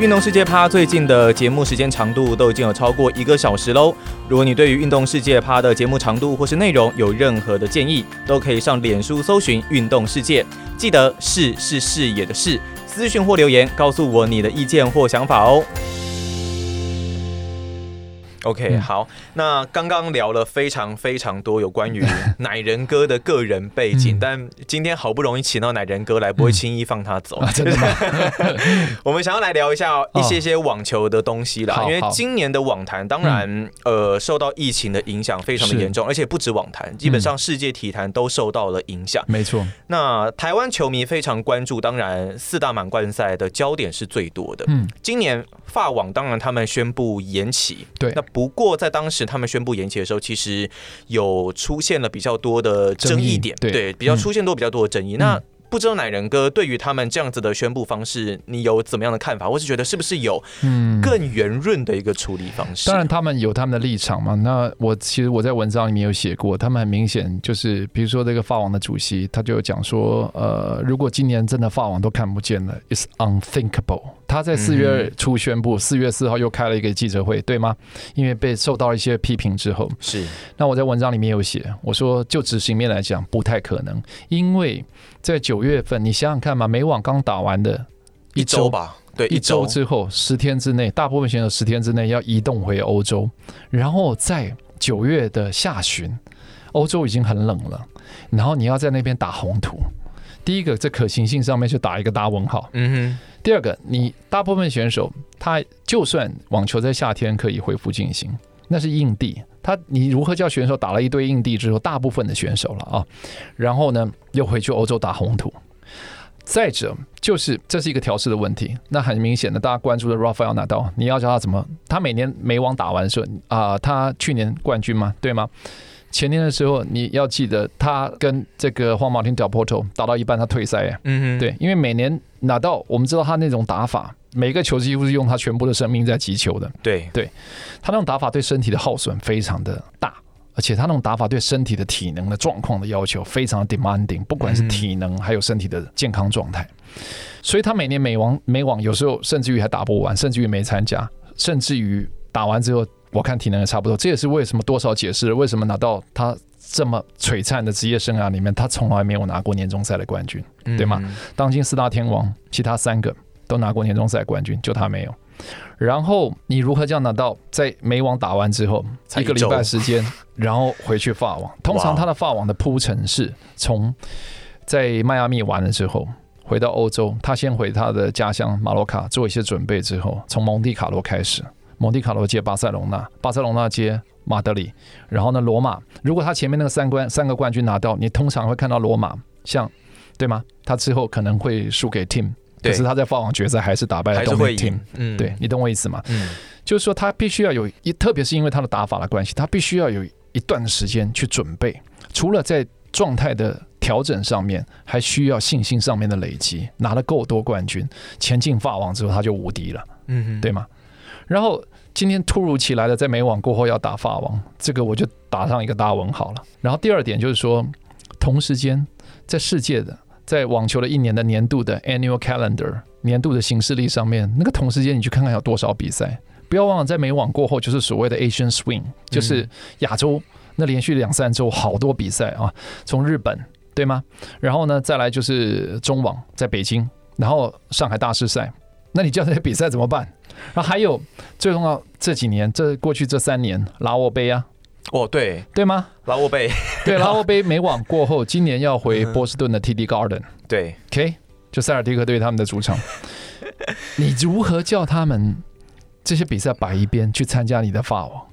運動視界啪最近的節目時間長度都已經有超過一個小時嘍。如果你對於運動視界啪的節目長度或是內容有任何的建議，都可以上臉書搜尋運動視界，記得「視」是視野的「視」，私訊或留言告訴我你的意見或想法哦。嗯、OK，好。那剛剛聊了非常非常多有關於乃仁哥的個人背景， (laughs) 嗯、但今天好不容易請到乃仁哥來，不會輕易放他走，嗯啊、 (laughs) (laughs) 我們想要來聊一下一些些網球的東西啦，哦、因為今年的網壇當然、嗯、呃受到疫情的影響非常的嚴重，是而且不止網壇，基本上世界體壇都受到了影響。沒錯、嗯。那台灣球迷非常關注，當然四大滿貫賽的焦點是最多的。嗯，今年法網當然他們宣布延期，對。那不過在當時。他們宣布延期的時候，其實有出現了比較多的爭議點，議，對，對比較出現多、嗯、比較多的爭議。嗯、那不知道乃仁哥對於他們這樣子的宣布方式，你有怎麼樣的看法？我是覺得是不是有嗯更圓潤的一個處理方式？嗯、當然，他們有他們的立場嘛。那我其實我在文章裡面有寫過，他們很明顯就是，比如說這個法網的主席，他就講說，呃，如果今年真的法網都看不見了，it's unthinkable。他在四月初宣布，嗯哼、四月四號又開了一個記者會，對嗎？因為被受到一些批評之後，是。那我在文章裡面有寫，我說就執行面來講不太可能，因為在九月份，你想想看嘛，美網剛打完的一週，一週吧，對，一週，一週之後十天之內，大部分選手十天之內要移動回歐洲，然後在九月的下旬，歐洲已經很冷了，然後你要在那邊打紅土。第一個在可行性上面就打一個大問號。嗯哼。第二個，你大部分選手他就算網球在夏天可以恢復進行，那是硬地，他你如何叫選手打了一堆硬地之後，大部分的選手了啊？然後呢，又回去歐洲打紅土。再者，就是這是一個調適的問題。那很明顯的，大家關注的 Rafael Nadal，你要叫他怎麼？他每年美網打完之後啊，他去年冠軍嘛，對嗎？前年的時候，你要記得他跟這個 Juan Martín del Potro 打到一半，他退賽耶。嗯嗯哼，對，因為每年拿到我們知道他那種打法，每個球幾乎是用他全部的生命在擊球的。對對，他那種打法對身體的耗損非常的大，而且他那種打法對身體的體能的狀況的要求非常 demanding，不管是體能還有身體的健康狀態。嗯、所以，他每年美網，美網有時候甚至於還打不完，甚至於沒參加，甚至於打完之後。我看體能也差不多，這也是為什麼多少解釋了為什麼拿到他這麼璀璨的職業生涯裡面，他從來沒有拿過年終賽的冠軍，嗯嗯對嗎？當今四大天王，其他三個都拿過年終賽的冠軍，就他沒有。然後你如何這樣拿到在美網打完之後一,一個禮拜時間， (laughs) 然後回去法網？通常他的法網的鋪陳是從在邁阿密完了之後回到歐洲，他先回他的家鄉馬洛卡做一些準備之後，從蒙特卡羅開始。蒙迪卡羅接巴塞隆納，巴塞隆納接馬德里，然後呢，羅馬。如果他前面那個三冠，三個冠軍拿到，你通常會看到羅馬像對嗎？他之後可能會輸給 Thiem，對可是他在法網決賽還是打敗了 Thiem，還是會贏嗯，對你懂我意思嗎？嗯，就是說他必須要有一，特別是因為他的打法的關係，他必須要有一段時間去準備。除了在狀態的調整上面，還需要信心上面的累積。拿了夠多冠軍，前進法網之後他就無敵了，嗯哼，對嗎？然後今天突如其來的在美網過後要打法網，這個我就打上一個大問號了。然後第二點就是說，同時間在世界的、在網球的一年的年度的 annual calendar 年度的行事曆上面，那個同時間你去看看有多少比賽。不要忘了在美網過後就是所謂的 Asian swing，就是亞洲那連續兩三週好多比賽啊，從日本對嗎？然後呢，再來就是中網在北京，然後上海大師賽。那你叫這些比賽怎麼辦？然後還有最重要這幾年這過去這三年拉沃杯啊，哦，對對嗎？拉沃杯對，拉沃杯美網過後，今年要回波士頓的 TD Garden，嗯嗯對，OK，就塞爾提克隊他們的主場， (laughs) 你如何叫他們這些比賽擺一邊去參加你的法網？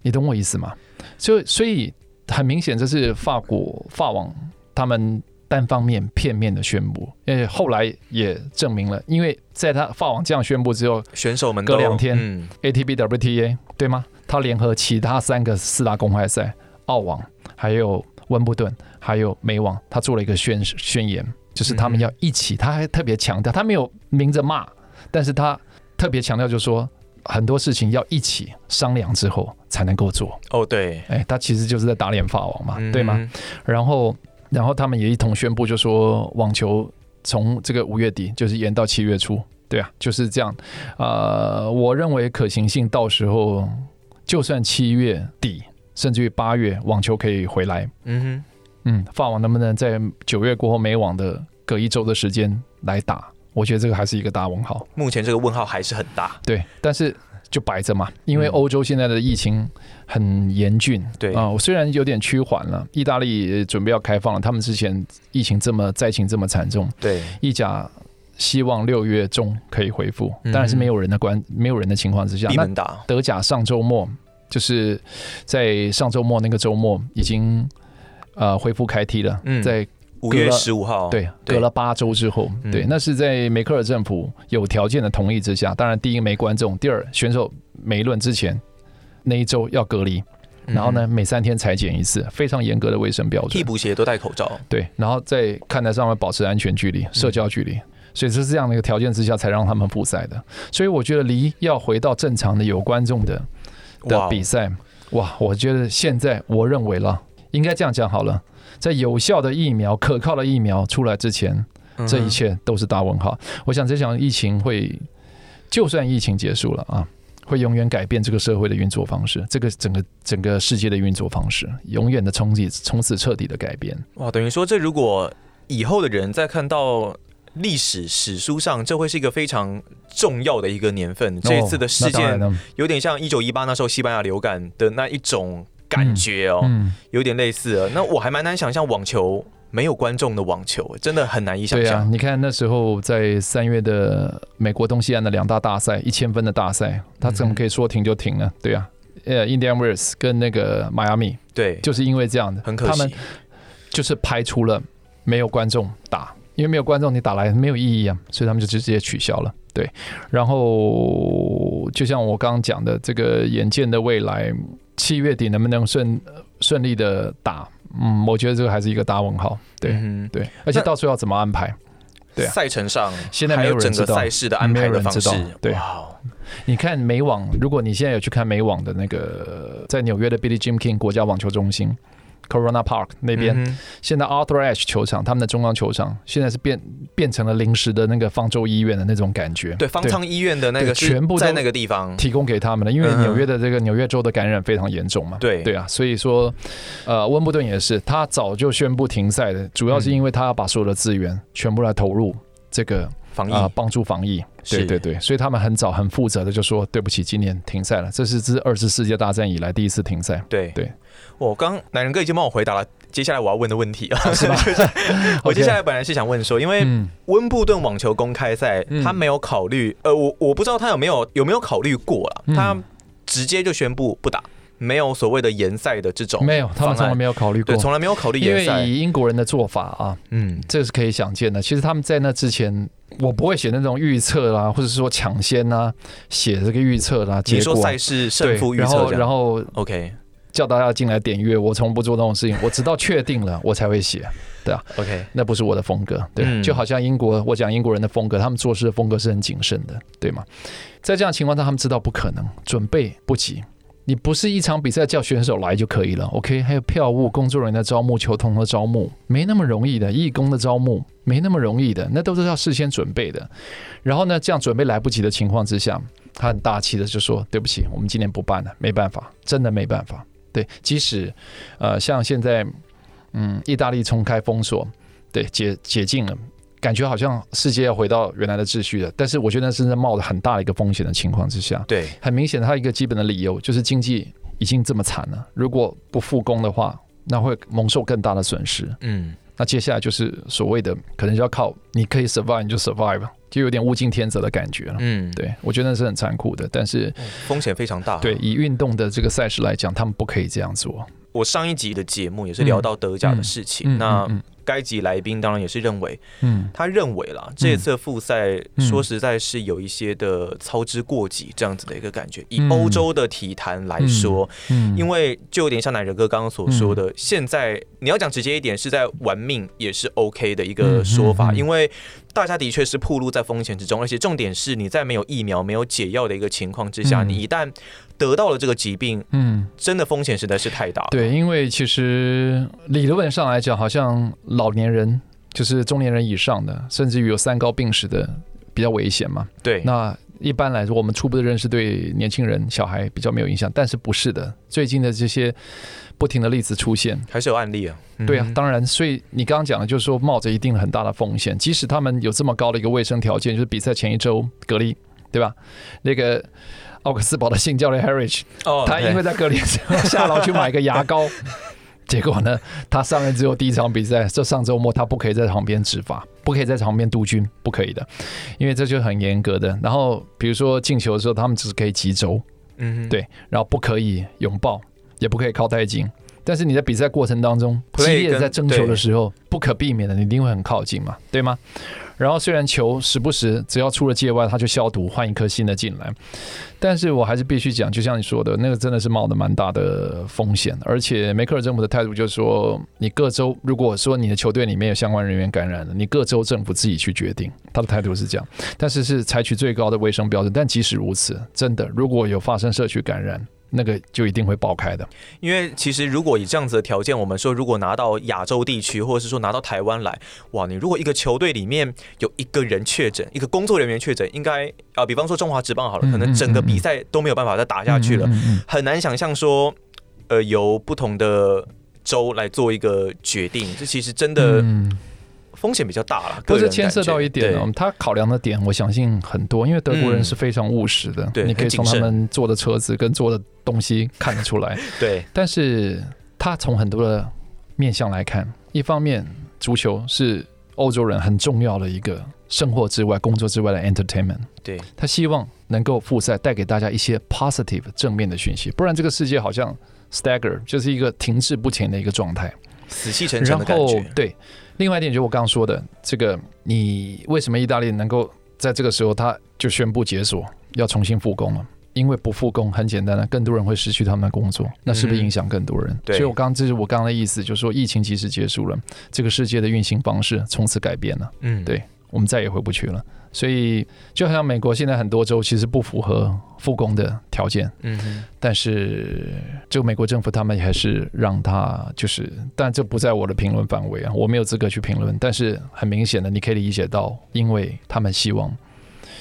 你懂我意思嗎？所以所以很明顯，這是法國法網他們。單方面片面的宣佈，因為後來也證明了，因為在他法網這樣宣佈之後，選手們隔兩天，ATP、嗯、ATP WTA 對嗎？他聯合其他三個四大公開賽——澳網、還有溫布頓、還有美網，他做了一個宣宣言，就是他們要一起。嗯、他還特別強調，他沒有明着罵，但是他特別強調就，就是說很多事情要一起商量之後才能夠做。哦，對，哎，他其實就是在打臉法網嘛，對嗎？嗯、然後。然後他們也一同宣布，就說網球從這個五月底就是延到七月初，對啊，就是這樣。呃，我認為可行性到時候就算七月底甚至於八月網球可以回來，嗯哼，嗯，法網能不能在九月過後美網的隔一周的時間來打？我覺得這個還是一個大問號。目前這個問號還是很大，對，但是。就擺着嘛，因為歐洲現在的疫情很嚴峻，嗯、對啊、呃，雖然有點趨緩了，意大利也準備要開放了，他們之前疫情這麼，災情這麼慘重，對，意甲希望六月中可以恢復，但、嗯、當然是沒有人的關，沒有人的情況之下打，那德甲上周末就是在上周末那個周末已經呃恢復開踢了，嗯、在五月十五號，對，隔了八周之後，對，對，那是在梅克爾政府有條件的同意之下，嗯、當然，第一沒觀眾，第二選手沒論之前那一周要隔離，然後呢，嗯、每三天採檢一次，非常嚴格的衛生標準，替補鞋都戴口罩，對，然後在看台上面保持安全距離、社交距離，嗯、所以是這樣的一個條件之下才讓他們復賽的。所以我覺得離要回到正常的有觀眾的的比賽，哇，哇，我覺得現在我認為了，應該這樣講好了。在有效的疫苗、可靠的疫苗出來之前，嗯嗯這一切都是大問號。我想這場疫情會，就算疫情結束了啊，會永遠改變這個社會的運作方式，這個整個整個世界的運作方式，永遠的衝擊，從此徹底的改變。哇，等於說，這如果以後的人再看到歷史史書上，這會是一個非常重要的一個年份。No, 這一次的事件有點像一九一八那時候西班牙流感的那一種。感覺哦，嗯嗯、有點類似。那我還蠻難想象網球沒有觀眾的網球，真的很難以想像。對啊，你看那時候在三月的美國東西岸的兩大大賽，一千分的大賽，他怎麼可以說停就停呢？嗯、哼對啊，呃，Indian Wells 跟那個邁阿密，對，就是因為這樣的，很可惜他們就是排除了沒有觀眾打，因為沒有觀眾你打來沒有意義啊，所以他們就直接取消了。對，然後就像我剛剛講的，這個眼見的未來。七月底能不能順順利的打？嗯，我覺得這個還是一個大問號。對、嗯、哼對，而且到時候要怎麼安排？那對、啊，賽程上現在沒有人知道賽事的安排的方式。對，你看美網，如果你現在有去看美網的那個在紐約的 Billie Jean King 國家網球中心。Corona Park 那邊，嗯、哼現在 Arthur Ashe 球場，他們的中央球場現在是變變成了臨時的那個方舟醫院的那種感覺，對方艙醫院的那個全部在那個地方提供給他們了，因為紐約的這個紐約州的感染非常嚴重嘛，對、嗯、哼對啊，所以說呃溫布頓也是，他早就宣布停賽的，主要是因為他要把所有的資源全部來投入這個防疫，啊、呃，幫助防疫，是對對對，所以他們很早很負責的就說，對不起，今年停賽了，這是自二次世界大戰以來第一次停賽，對對。對我剛、哦，男人哥已經幫我回答了接下來我要問的問題 (laughs) 是吧？ (laughs) 我接下來本來是想問說，因為溫布頓網球公開賽，嗯、他沒有考慮，呃，我我不知道他有沒有有沒有考慮過了、啊，嗯、他直接就宣布不打，沒有所謂的延賽的這種，沒有，他從來沒有考慮過，對，從來沒有考慮。因賽以英國人的做法啊，嗯，這是可以想見的。其實他們在那之前，我不會寫那種預測啦，或者說搶先、啊、寫啦，寫這個預測啦，你說賽事勝負預測，然後然後 OK。叫大家進來點閱，我從不做這種事情，我直到確定了 (laughs) 我才會寫，對啊。o Okay . k 那不是我的風格，對、啊，就好像英國，我講英國人的風格，他們做事的風格是很謹慎的，對嗎？在這樣的情況下，他們知道不可能，準備不急，你不是一場比賽叫選手來就可以了，OK？還有票務工作人員的招募、球童的招募，沒那麼容易的，義工的招募，沒那麼容易的，那都是要事先準備的。然後呢，這樣準備來不及的情況之下，他很大氣的就說：“對不起，我們今年不辦了，沒辦法，真的沒辦法。”對，即使，呃，像現在，嗯，意大利重開封鎖，對，解解禁了，感覺好像世界要回到原來的秩序了。但是我覺得那是在冒着很大的一個風險的情況之下。對，很明顯的，它一個基本的理由就是經濟已經這麼慘了，如果不復工的話，那會蒙受更大的損失。嗯。那接下來就是所謂的，可能就要靠你可以 survive 就 survive，就有點物競天擇的感覺了。嗯，對，我覺得那是很殘酷的，但是、哦、風險非常大。對，以運動的這個賽事來講，他們不可以這樣做。我上一集的節目也是聊到德甲的事情。嗯嗯、那、嗯嗯嗯該集來賓當然也是認為，嗯，他認為啦，嗯、這次復賽，說實在是有一些的操之過急，這樣子的一個感覺。嗯，以歐洲的體壇來說，嗯，嗯，因為就有點像乃仁哥剛剛所說的，嗯、現在你要講直接一點，是在玩命也是 OK 的一個說法，嗯嗯嗯，因為。大家的確是暴露在風險之中，而且重點是你在沒有疫苗、沒有解藥的一個情況之下，嗯、你一旦得到了這個疾病，嗯，真的風險實在是太大。對，因為其實理論上來講，好像老年人就是中年人以上的，甚至於有三高病史的比較危險嘛。對，那。一般來說，我們初步的認識對年輕人、小孩比較沒有影響，但是不是的。最近的這些不停的例子出現，還是有案例啊。對啊，嗯、哼當然，所以你剛剛講的就是說，冒着一定很大的風險，即使他們有這麼高的一個衛生條件，就是比賽前一週隔離，對吧？那個奧克斯堡的新教練 Herrlich 他因為在隔離的時候下樓去買一個牙膏， (laughs) 結果呢，他上任之後第一場比賽，就上週末，他不可以在旁邊執法。不可以在旁邊督軍，不可以的，因為這就很嚴格的。然後，比如說進球的時候，他們只是可以擊肘，嗯哼，對，然後不可以擁抱，也不可以靠太近。但是你在比賽過程當中，激烈的在爭球的時候，不可避免的，你一定會很靠近嘛，對嗎？然後雖然球時不時只要出了界外，他就消毒換一顆新的進來，但是我還是必須講，就像你說的那個，真的是冒的蠻大的風險。而且梅克爾政府的態度就是說，你各州如果說你的球隊裡面有相關人員感染了，你各州政府自己去決定，他的態度是這樣。但是是採取最高的衛生標準，但即使如此，真的如果有發生社區感染。那個就一定會爆開的，因為其實如果以這樣子的條件，我們說如果拿到亞洲地區，或者是說拿到台灣來，哇，你如果一個球隊裡面有一個人確診，一個工作人員確診，應該啊、呃，比方說中華職棒好了，可能整個比賽都沒有辦法再打下去了，嗯嗯嗯嗯，很難想象說，呃，由不同的州來做一個決定，這其實真的。嗯風險比較大了，不是牽涉到一點呢、喔？對他考量的點，我相信很多，因為德國人是非常務實的，嗯、你可以從他們做的車子跟做的東西看得出來。對，但是他從很多的面向來看，一方面，足球是歐洲人很重要的一個生活之外、工作之外的 entertainment 對。對，他希望能夠復賽，帶給大家一些 positive 正面的訊息，不然這個世界好像 stagger 就是一個停滯不前的一個狀態，死氣沉沉的感覺。對。另外一點就是我剛剛說的，這個你為什麼意大利能夠在這個時候他就宣布解鎖，要重新復工了？因為不復工很簡單的，更多人會失去他們的工作，那是不是影響更多人？嗯、對，所以我剛這是我剛剛的意思，就是說疫情即使結束了，這個世界的運行方式從此改變了，嗯，對我們再也回不去了。所以，就好像美國現在很多州其實不符合復工的條件，嗯哼，但是就美國政府他們還是讓他就是，但這不在我的評論範圍啊，我沒有資格去評論。但是很明顯的，你可以理解到，因為他們希望，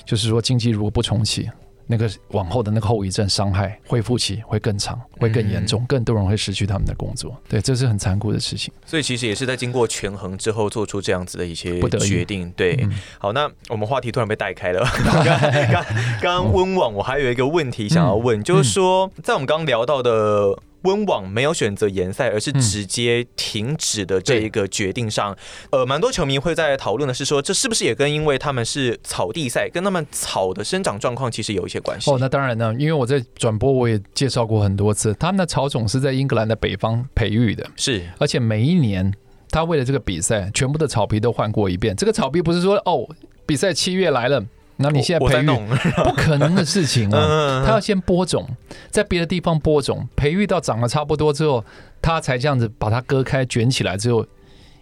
就是說經濟如果不重啟。那個往後的那個後遺症傷害恢復期會更長，會更嚴重，嗯、更多人會失去他們的工作，對，這是很殘酷的事情。所以其實也是在經過權衡之後做出這樣子的一些決定。對，嗯、好，那我們話題突然被帶開了，剛剛溫網，我還有一個問題想要問，嗯、就是說在我們剛聊到的。溫網沒有選擇延賽，而是直接停止的這一個決定上，嗯、呃，蠻多球迷會在討論的是說，這是不是也跟因為他們是草地賽，跟他們草的生長狀況其實有一些關係？哦，那當然呢，因為我在轉播，我也介紹過很多次，他們的草種是在英格蘭的北方培育的，是，而且每一年他為了這個比賽，全部的草皮都換過一遍。這個草皮不是說哦，比賽七月來了。那你現在培育不可能的事情啊！他要先播種，在別的地方播種，培育到長得差不多之後，他才這樣子把它割開、卷起來，之後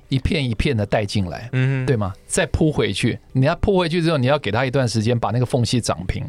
一片一片的帶進來，嗯，對嗎？再鋪回去，你要鋪回去之後，你要給他一段時間把那個縫隙長平。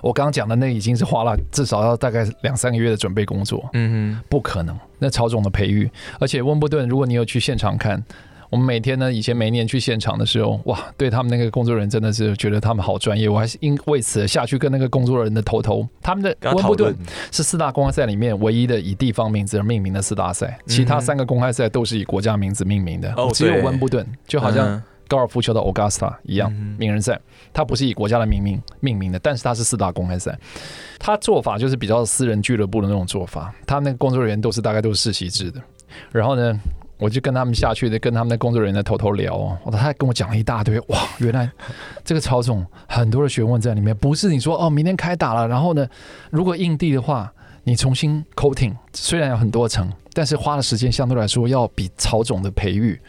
我剛剛講的那已經是花了至少要大概兩三個月的準備工作。嗯嗯，不可能，那草種的培育，而且溫布頓，如果你有去現場看。我們每天呢，以前每年去現場的時候，哇，對他們那個工作人員真的是覺得他們好專業。我還是因為此下去跟那個工作人員的頭頭，他們的溫布頓是四大公開賽裡面唯一的以地方名字而命名的四大賽，其他三個公開賽都是以國家名字命名的，嗯、哼只有溫布頓就好像高爾夫球的奧 s 斯 a 一樣，名、嗯、哼人賽，他不是以國家的命名命名的，但是他是四大公開賽，他做法就是比較私人俱樂部的那種做法，他們那個工作人員都是大概都是世襲制的，然後呢？我就跟他們下去的，跟他們的工作人員在偷偷聊哦。他還跟我講了一大堆，哇，原來這個草種很多的學問在裡面。不是你說哦，明天開打了，然後呢，如果硬地的話，你重新 coating，雖然有很多層，但是花的時間相對來說要比草種的培育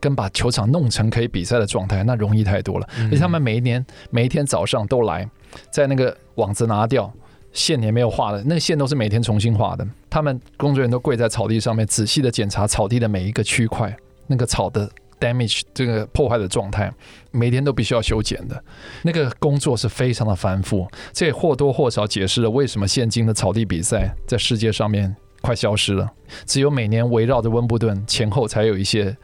跟把球場弄成可以比賽的狀態那容易太多了。因為他們每一年每一天早上都來，在那個網子拿掉。線也沒有畫了，那個線都是每天重新畫的。他們工作人員都跪在草地上面，仔細的檢查草地的每一個區塊，那個草的 damage，這個破壞的狀態，每天都必須要修剪的。那個工作是非常的繁複，這也或多或少解釋了為什麼現今的草地比賽在世界上面快消失了，只有每年圍繞着溫布頓前後才有一些。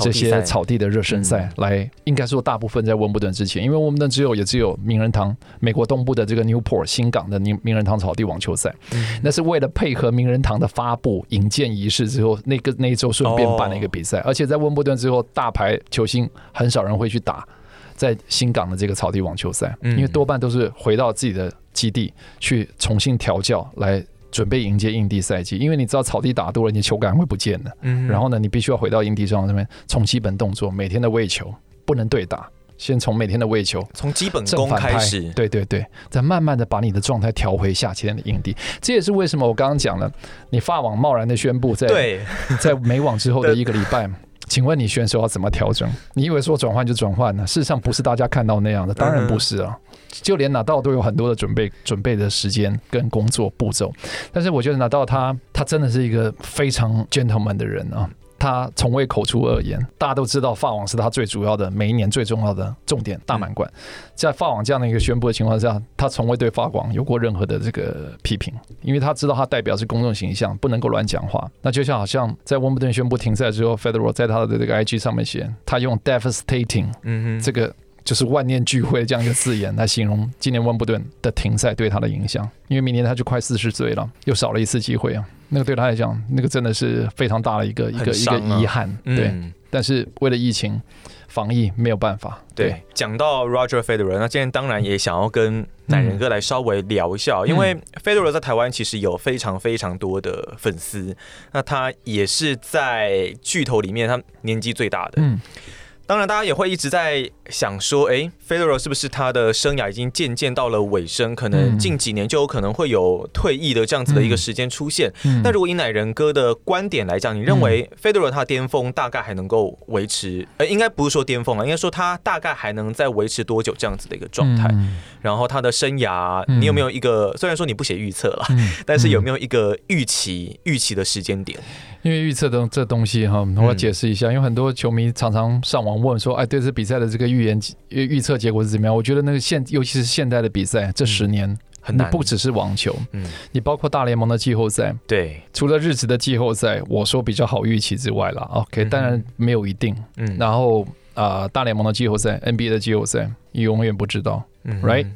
這些草地的熱身賽，來、嗯、應該說大部分在溫布頓之前，因為溫布頓只有也只有名人堂美國東部的這個 Newport 新港的名名人堂草地網球賽，嗯、那是為了配合名人堂的發布引薦儀式之後，那個那一周順便辦了一個比賽，哦、而且在溫布頓之後，大牌球星很少人會去打在新港的這個草地網球賽，嗯、因為多半都是回到自己的基地去重新調教來。準備迎接硬地賽季，因為你知道草地打多了，你球感會不見的。嗯哼，然後呢，你必須要回到硬地場那邊，從基本動作，每天的餵球，不能對打，先從每天的餵球，從基本功正反開始。對對對，再慢慢的把你的狀態調回下天的硬地。這也是為什麼我剛剛講了，你法網貿然的宣布在對在美網之後的一個禮拜，請問你選手要怎麼調整？你以為說轉換就轉換呢？事實上不是大家看到那樣的，當然不是了，啊。嗯就連 Nadal，都有很多的準備，準備的時間跟工作步驟。但是我覺得 Nadal 他，他他真的是一個非常 gentleman 的人啊，他從未口出惡言。大家都知道，法網是他最主要的每一年最重要的重點大滿貫。嗯、在法網這樣的一個宣布的情況下，他從未對法網有過任何的這個批評，因為他知道他代表是公眾形象，不能夠亂講話。那就像好像在溫布頓宣布停賽之後 Federer 在他的這個 IG 上面寫，他用 devastating，嗯哼這個。就是萬念俱灰這樣一個字眼，來形容今年溫布頓的停賽對他的影響，因為明年他就快四十歲了，又少了一次機會啊，那個對他來講，那個真的是非常大的一個一個、啊、一個遺憾。嗯、對，但是為了疫情防疫沒有辦法。對，講對到 Roger Federer，那今天當然也想要跟乃仁哥來稍微聊一下，嗯、因為 Federer 在台灣其實有非常非常多的粉絲，那他也是在巨頭裡面他年紀最大的。嗯。當然，大家也會一直在想說，哎，費德 l 是不是他的生涯已經漸漸到了尾聲？可能近幾年就有可能會有退役的這樣子的一個時間出現。那、嗯、如果以乃人哥的觀點來講，你認為費德 l 他的巔峰大概還能夠維持？呃，應該不是說巔峰啊，應該說他大概還能再維持多久這樣子的一個狀態？嗯、然後他的生涯，你有沒有一個？嗯、雖然說你不寫預測了，嗯、但是有沒有一個預期預期的時間點？因為預測的這東西哈，我要解釋一下。因為很多球迷常常上網問說：“哎，對這比賽的這個預言預測結果是怎麼樣？”我覺得那個現，尤其是現代的比賽，這十年、嗯、很難。不只是網球，嗯，你包括大聯盟的季後賽，對，除了日子的季後賽，我說比較好預期之外了。OK，當然沒有一定。嗯哼，然後啊、呃，大聯盟的季後賽，NBA 的季後賽，你永遠不知道、嗯、哼，right？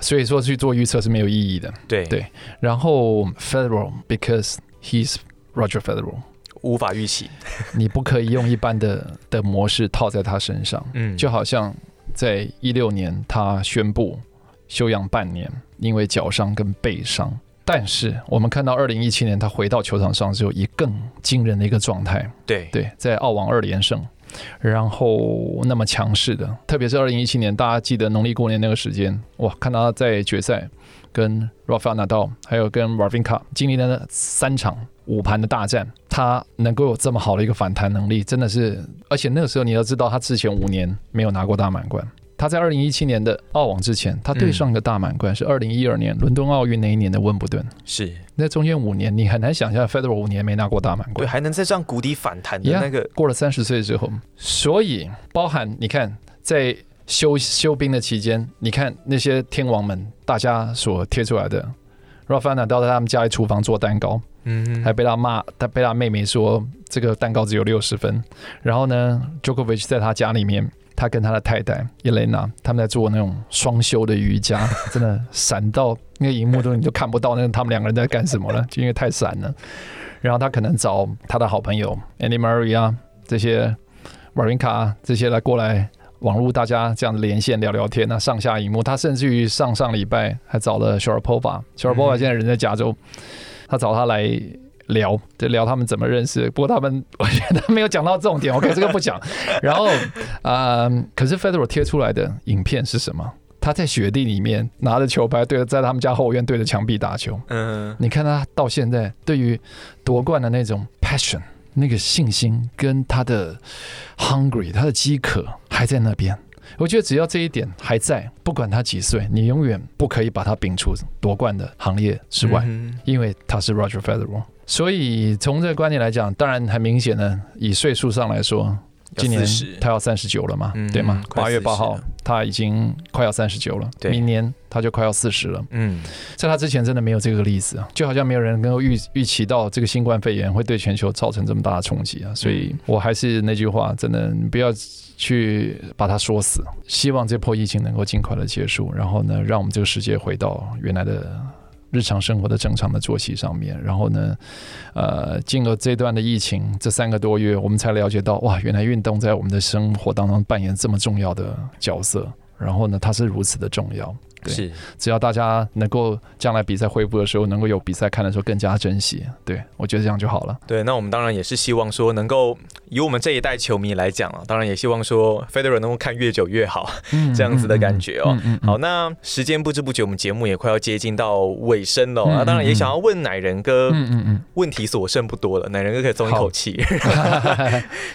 所以說去做預測是沒有意義的。對對。然後，Federer because he's Roger Federer 無法預期， (laughs) 你不可以用一般的的模式套在他身上。嗯，就好像在一六年，他宣布休養半年，因為腳傷跟背傷。但是我們看到二零一七年，他回到球場上，就以更驚人的一個狀態。對對，在澳網二連勝，然後那麼強勢的，特別是二零一七年，大家記得農曆過年那個時間，哇，看到他在決賽跟 Rafael Nadal，還有跟 Wawrinka 經歷了那三場。五盤的大戰，他能夠有這麼好的一個反彈能力，真的是，而且那個時候你要知道，他之前五年沒有拿過大滿貫。他在二零一七年的澳網之前，他對上個大滿貫、嗯、是二零一二年倫敦奧運那一年的溫布頓。是，那中間五年，你很難想象，Federer 五年沒拿過大滿貫，對，還能在這樣谷底反彈的那個，過了三十歲之後。所以，包含你看，在休休兵的期間，你看那些天王們，大家所貼出來的，Rafa Nadal 到他們家裡廚房做蛋糕。嗯，還被他罵，他被他妹妹說這個蛋糕只有六十分。然後呢 Djokovic 在他家裡面，他跟他的太太 Elena 他們在做那種雙休的瑜伽， (laughs) 真的閃到，那個熒幕中你就看不到那他們兩個人在幹什麼了，就因為太閃了。然後他可能找他的好朋友 Andy Murray 啊，這些 Wawrinka 這些來過來網絡，大家這樣連線聊聊天那上下熒幕他甚至於上上禮拜還找了 Sharapova，Sharapova 現在人在加州。他找他來聊，就聊他們怎麼認識。不過他們，我覺得他沒有講到重點，OK，這個不講。 (laughs) 然後，呃、嗯，可是 Federer 貼出來的影片是什麼？他在雪地裡面拿着球拍，對着，在他們家後院對着牆壁打球。嗯、uh，huh. 你看他到現在對於奪冠的那種 passion，那個信心跟他的 hungry，他的飢渴還在那邊。我覺得只要這一點還在，不管他幾歲，你永遠不可以把他摒除奪冠的行列之外，嗯、哼因為他是 Roger Federer。所以從這個觀點來講，當然很明顯呢，以歲數上來說，今年他要三十九了嘛，對嗎？八月八號他已經快要三十九了，嗯、了明年他就快要四十了。嗯對，在他之前真的沒有這個例子啊，就好像沒有人能夠預預期到這個新冠肺炎會對全球造成這麼大的衝擊啊。所以我還是那句話，真的不要。去把它說死，希望這波疫情能夠盡快的結束，然後呢，讓我們這個世界回到原來的日常生活的正常的作息上面。然後呢，呃，經過這段的疫情，這三個多月，我們才了解到，哇，原來運動在我們的生活當中扮演這麼重要的角色。然後呢，它是如此的重要，對，是只要大家能夠將來比賽恢復的時候，能夠有比賽看的時候更加珍惜，對，我覺得這樣就好了。對，那我們當然也是希望說能夠。以我們這一代球迷來講啊，當然也希望說費德勒能夠看越久越好，這樣子的感覺哦、喔。嗯嗯嗯嗯、好，那時間不知不覺，我們節目也快要接近到尾聲了、喔，嗯嗯、那當然也想要問乃仁哥，嗯嗯嗯，問題所剩不多了，乃、嗯嗯嗯、仁哥可以鬆一口氣。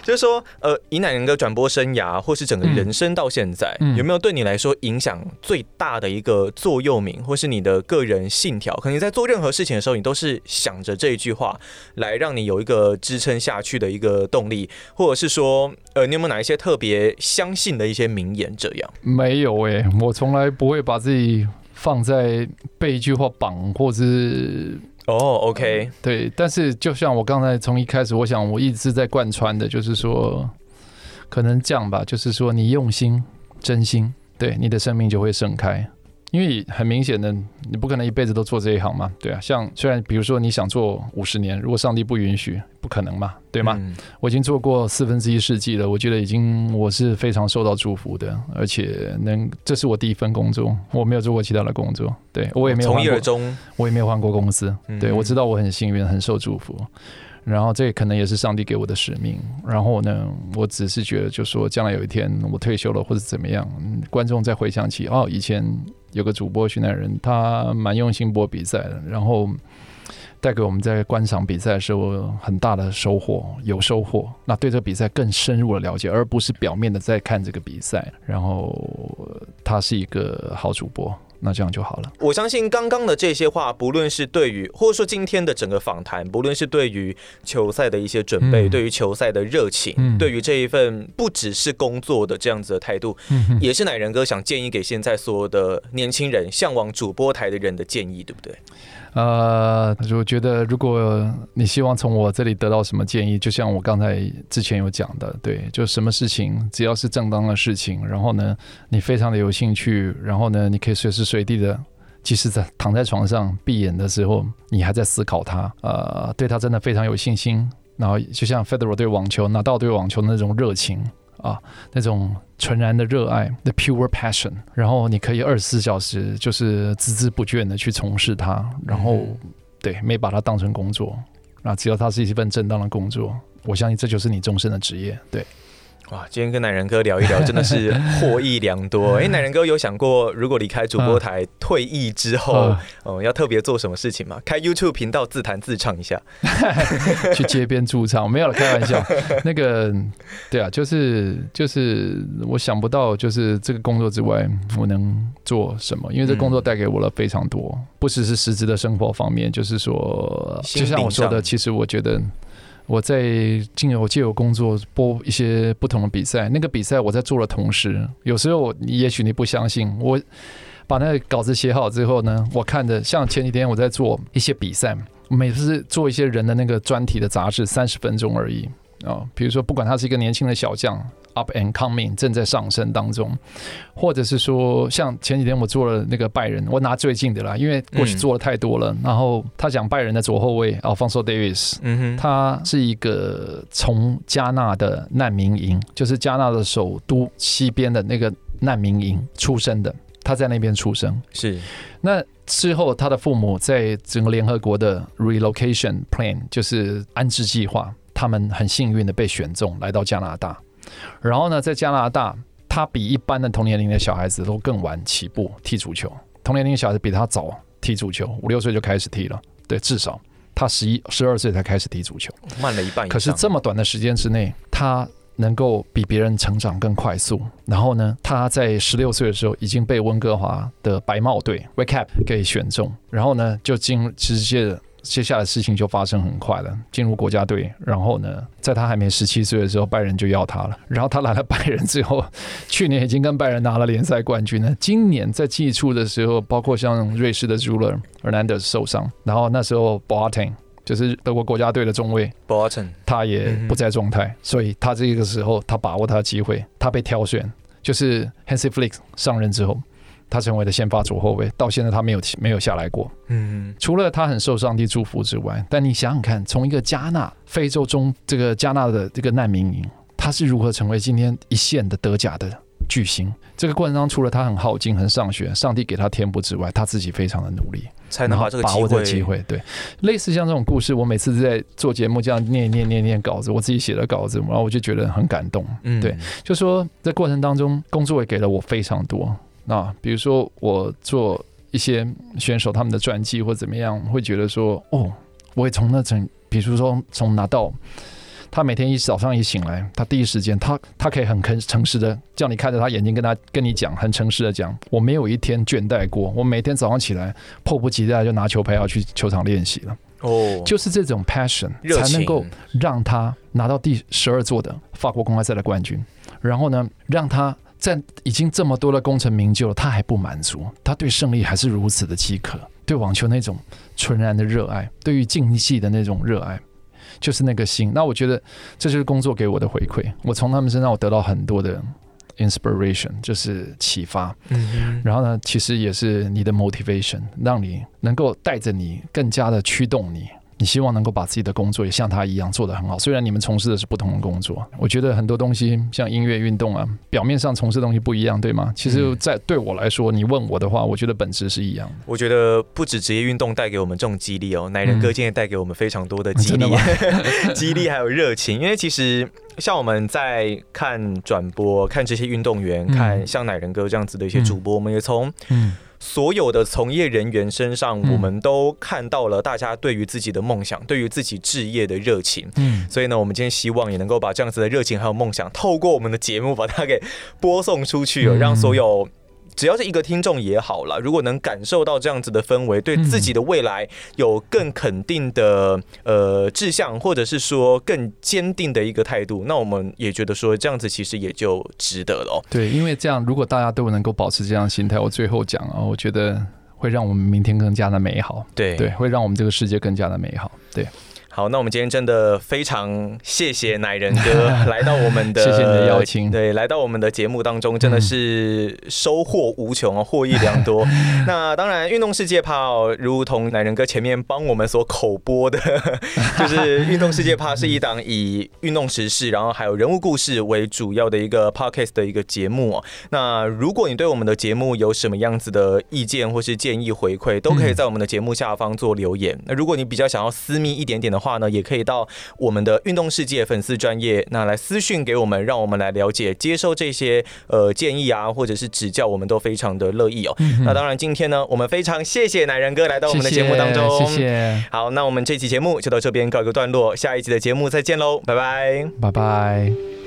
就是說，呃，以乃仁哥轉播生涯或是整個人生到現在，嗯、有沒有對你來說影響最大的一個座右銘，或是你的個人信條？可能你在做任何事情的時候，你都是想着這一句話，來讓你有一個支撐下去的一個動力。或者是說，呃，你有沒有哪一些特別相信的一些名言這樣？沒有哎、欸，我從來不會把自己放在被一句話綁，或是哦、oh,，OK，、呃、對。但是就像我剛才從一開始，我想我一直在貫穿的，就是說，可能這樣吧，就是說，你用心、真心，對你的生命就會盛開。因為很明顯的，你不可能一輩子都做這一行嘛，對啊。像雖然比如說你想做五十年，如果上帝不允許，不可能嘛，對嗎？嗯、我已經做過四分之一世紀了，我覺得已經我是非常受到祝福的，而且能，這是我第一份工作，我沒有做過其他的工作，對，我也沒有換過，從一而終，我也沒有換過公司，對，我知道我很幸運，很受祝福，嗯、然後這可能也是上帝給我的使命。然後呢，我只是覺得，就說將來有一天我退休了或者怎麼樣，觀眾再回想起，哦，以前。有個主播許乃仁，他蠻用心播比賽的，然後帶給我們在觀賞比賽的時候很大的收穫，有收穫，那對這個比賽更深入的了解，而不是表面的在看這個比賽，然後他是一個好主播。那這樣就好了。我相信剛剛的這些話，不論是對於或者說今天的整個訪談，不論是對於球賽的一些準備，嗯、對於球賽的熱情，嗯、對於這一份不只是工作的這樣子的態度，嗯、哼也是乃仁哥想建議給現在所有的年輕人、嚮往主播台的人的建議，對不對？呃，我覺得如果你希望從我這裡得到什麼建議，就像我剛才之前有講的，對，就什麼事情只要是正當的事情，然後呢，你非常的有興趣，然後呢，你可以隨時隨地的，即使在躺在床上閉眼的時候，你還在思考他，呃，對他真的非常有信心，然後就像 Federer 對網球，Nadal 對網球的那種熱情。啊，那種純然的熱愛，the pure passion，然後你可以二十四小時就是孜孜不倦的去從事它，然後、嗯、哼對，沒把它當成工作，那只要它是一份正當的工作，我相信這就是你終身的職業，對。哇，今天跟乃仁哥聊一聊，真的是獲益良多。哎、 (laughs) 欸，乃仁哥有想過，如果離開主播台、嗯、退役之後，哦、嗯呃，要特別做什麼事情嗎？開 YouTube 頻道自彈自唱一下，去街邊駐唱？ (laughs) 沒有了，開玩笑。那個，對啊，就是就是我想不到，就是這個工作之外，我能做什麼？因為這個工作帶給我了非常多，嗯、不只是實質的生活方面，就是說，就像我說的，其實我覺得。我在藉由藉由工作播一些不同的比賽，那個比賽我在做的同時，有時候你也許你不相信，我把那個稿子寫好之後呢，我看着像前幾天我在做一些比賽，每次做一些人的那個專題的雜誌，三十分鐘而已。哦，比如說，不管他是一個年輕的小將，up and coming，正在上升當中，或者是說，像前幾天我做了那個拜仁，我拿最近的啦，因為過去做的太多了。嗯、然後他講拜仁的左後衛啊，Alphonso Davies，嗯哼，他是一個從加納的難民營，就是加納的首都西邊的那個難民營出生的，他在那邊出生，是。那之後，他的父母在整個聯合國的 relocation plan，就是安置計劃。他們很幸運的被選中來到加拿大，然後呢，在加拿大，他比一般的同年齡的小孩子都更晚起步踢足球。同年齡小孩子比他早踢足球，五六歲就開始踢了。對，至少他十一、十二歲才開始踢足球，慢了一半。可是這麼短的時間之內，他能夠比別人成長更快速。然後呢，他在十六歲的時候已經被溫哥華的白帽隊 Whitecaps 給選中，然後呢就進直接接下來事情就發生很快了，進入國家隊，然後呢，在他還沒十七歲的時候，拜仁就要他了。然後他來了拜仁之後，去年已經跟拜仁拿了聯賽冠軍了，今年在季初的時候，包括像瑞士的 Süle、Hernandez 受傷，然後那時候 Boateng 就是德國國家隊的中衛，Boateng 他也不在狀態，嗯、哼所以他這個時候他把握他的機會，他被挑選，就是 Hansi Flick 上任之後。他成為了先發左後衛，到現在他沒有沒有下來過。嗯，除了他很受上帝祝福之外，但你想想看，從一個加納非洲中這個加納的這個難民營，他是如何成為今天一線的德甲的巨星？這個過程當中，除了他很耗盡、很上學，上帝給他天賦之外，他自己非常的努力，才能把，這個，把握這個機會。對，類似像這種故事，我每次在做節目這樣念念念念，念稿子，我自己寫的稿子，然後我就覺得很感動。嗯，對，就說在過程當中，工作也給了我非常多。那、啊、比如說，我做一些選手他們的傳記或怎麼樣，會覺得說，哦，我也從那種，比如說從拿到他每天一早上一醒來，他第一時間，他他可以很誠實的叫你看着他眼睛跟他，跟他跟你講，很誠實的講，我沒有一天倦怠過，我每天早上起來迫不及待就拿球拍要去球場練習了。哦，就是這種 passion 熱情，才能夠讓他拿到第十二座的法國公開賽的冠軍，然後呢，讓他，在已經這麼多的功成名就了，他還不滿足，他對勝利還是如此的飢渴，對網球那種純然的熱愛，對於競技的那種熱愛，就是那個心。那我覺得這就是工作給我的回饋，我從他們身上我得到很多的 inspiration，就是啟發。嗯哼，然後呢，其實也是你的 motivation，讓你能夠帶着你，更加的驅動你。你希望能夠把自己的工作也像他一樣做得很好，雖然你們從事的是不同的工作，我覺得很多東西像音樂、運動啊，表面上從事的東西不一樣，對嗎？嗯、其實，在對我來說，你問我的話，我覺得本質是一樣的。我覺得不止職業運動帶給我們這種激勵哦，乃仁哥今天帶給我們非常多的激勵、嗯啊、 (laughs) 激勵還有熱情，因為其實像我們在看轉播、看這些運動員、看像乃仁哥這樣子的一些主播，嗯、我們也從嗯。所有的從業人員身上，嗯、我們都看到了大家對於自己的夢想，對於自己職業的熱情。嗯，所以呢，我們今天希望也能夠把這樣子的熱情還有夢想，透過我們的節目把它給播送出去、喔，嗯、讓所有。只要是一個聽眾也好了，如果能感受到這樣子的氛圍，對自己的未來有更肯定的、嗯、呃志向，或者是說更堅定的一個態度，那我們也覺得說這樣子其實也就值得了。對，因為這樣，如果大家都能夠保持這樣的心態，我最後講啊，我覺得會讓我們明天更加的美好。對對，會讓我們這個世界更加的美好。對。好，那我們今天真的非常謝謝乃仁哥來到我們的， (laughs) 謝謝你的邀請，對，來到我們的節目當中，真的是收穫無窮啊，哦，獲益良多。 (laughs) 那當然，運動視界啪，哦，如同乃仁哥前面幫我們所口播的， (laughs) 就是運動視界啪是一檔以運動時事， (laughs) 然後還有人物故事為主要的一個 podcast 的一個節目哦。那如果你對我們的節目有什麼樣子的意見或是建議回饋，都可以在我們的節目下方做留言。 (laughs) 那如果你比較想要私密一點點的，話呢，也可以到我們的運動視界粉絲專頁那來私訊給我們，讓我們來了解、接受這些呃建議啊，或者是指教，我們都非常的樂意哦。嗯、哼那當然，今天呢，我們非常謝謝乃仁哥來到我們的節目當中，謝謝。謝謝，好，那我們這期節目就到這邊告一個段落，下一期的節目再見嘍，拜拜，拜拜。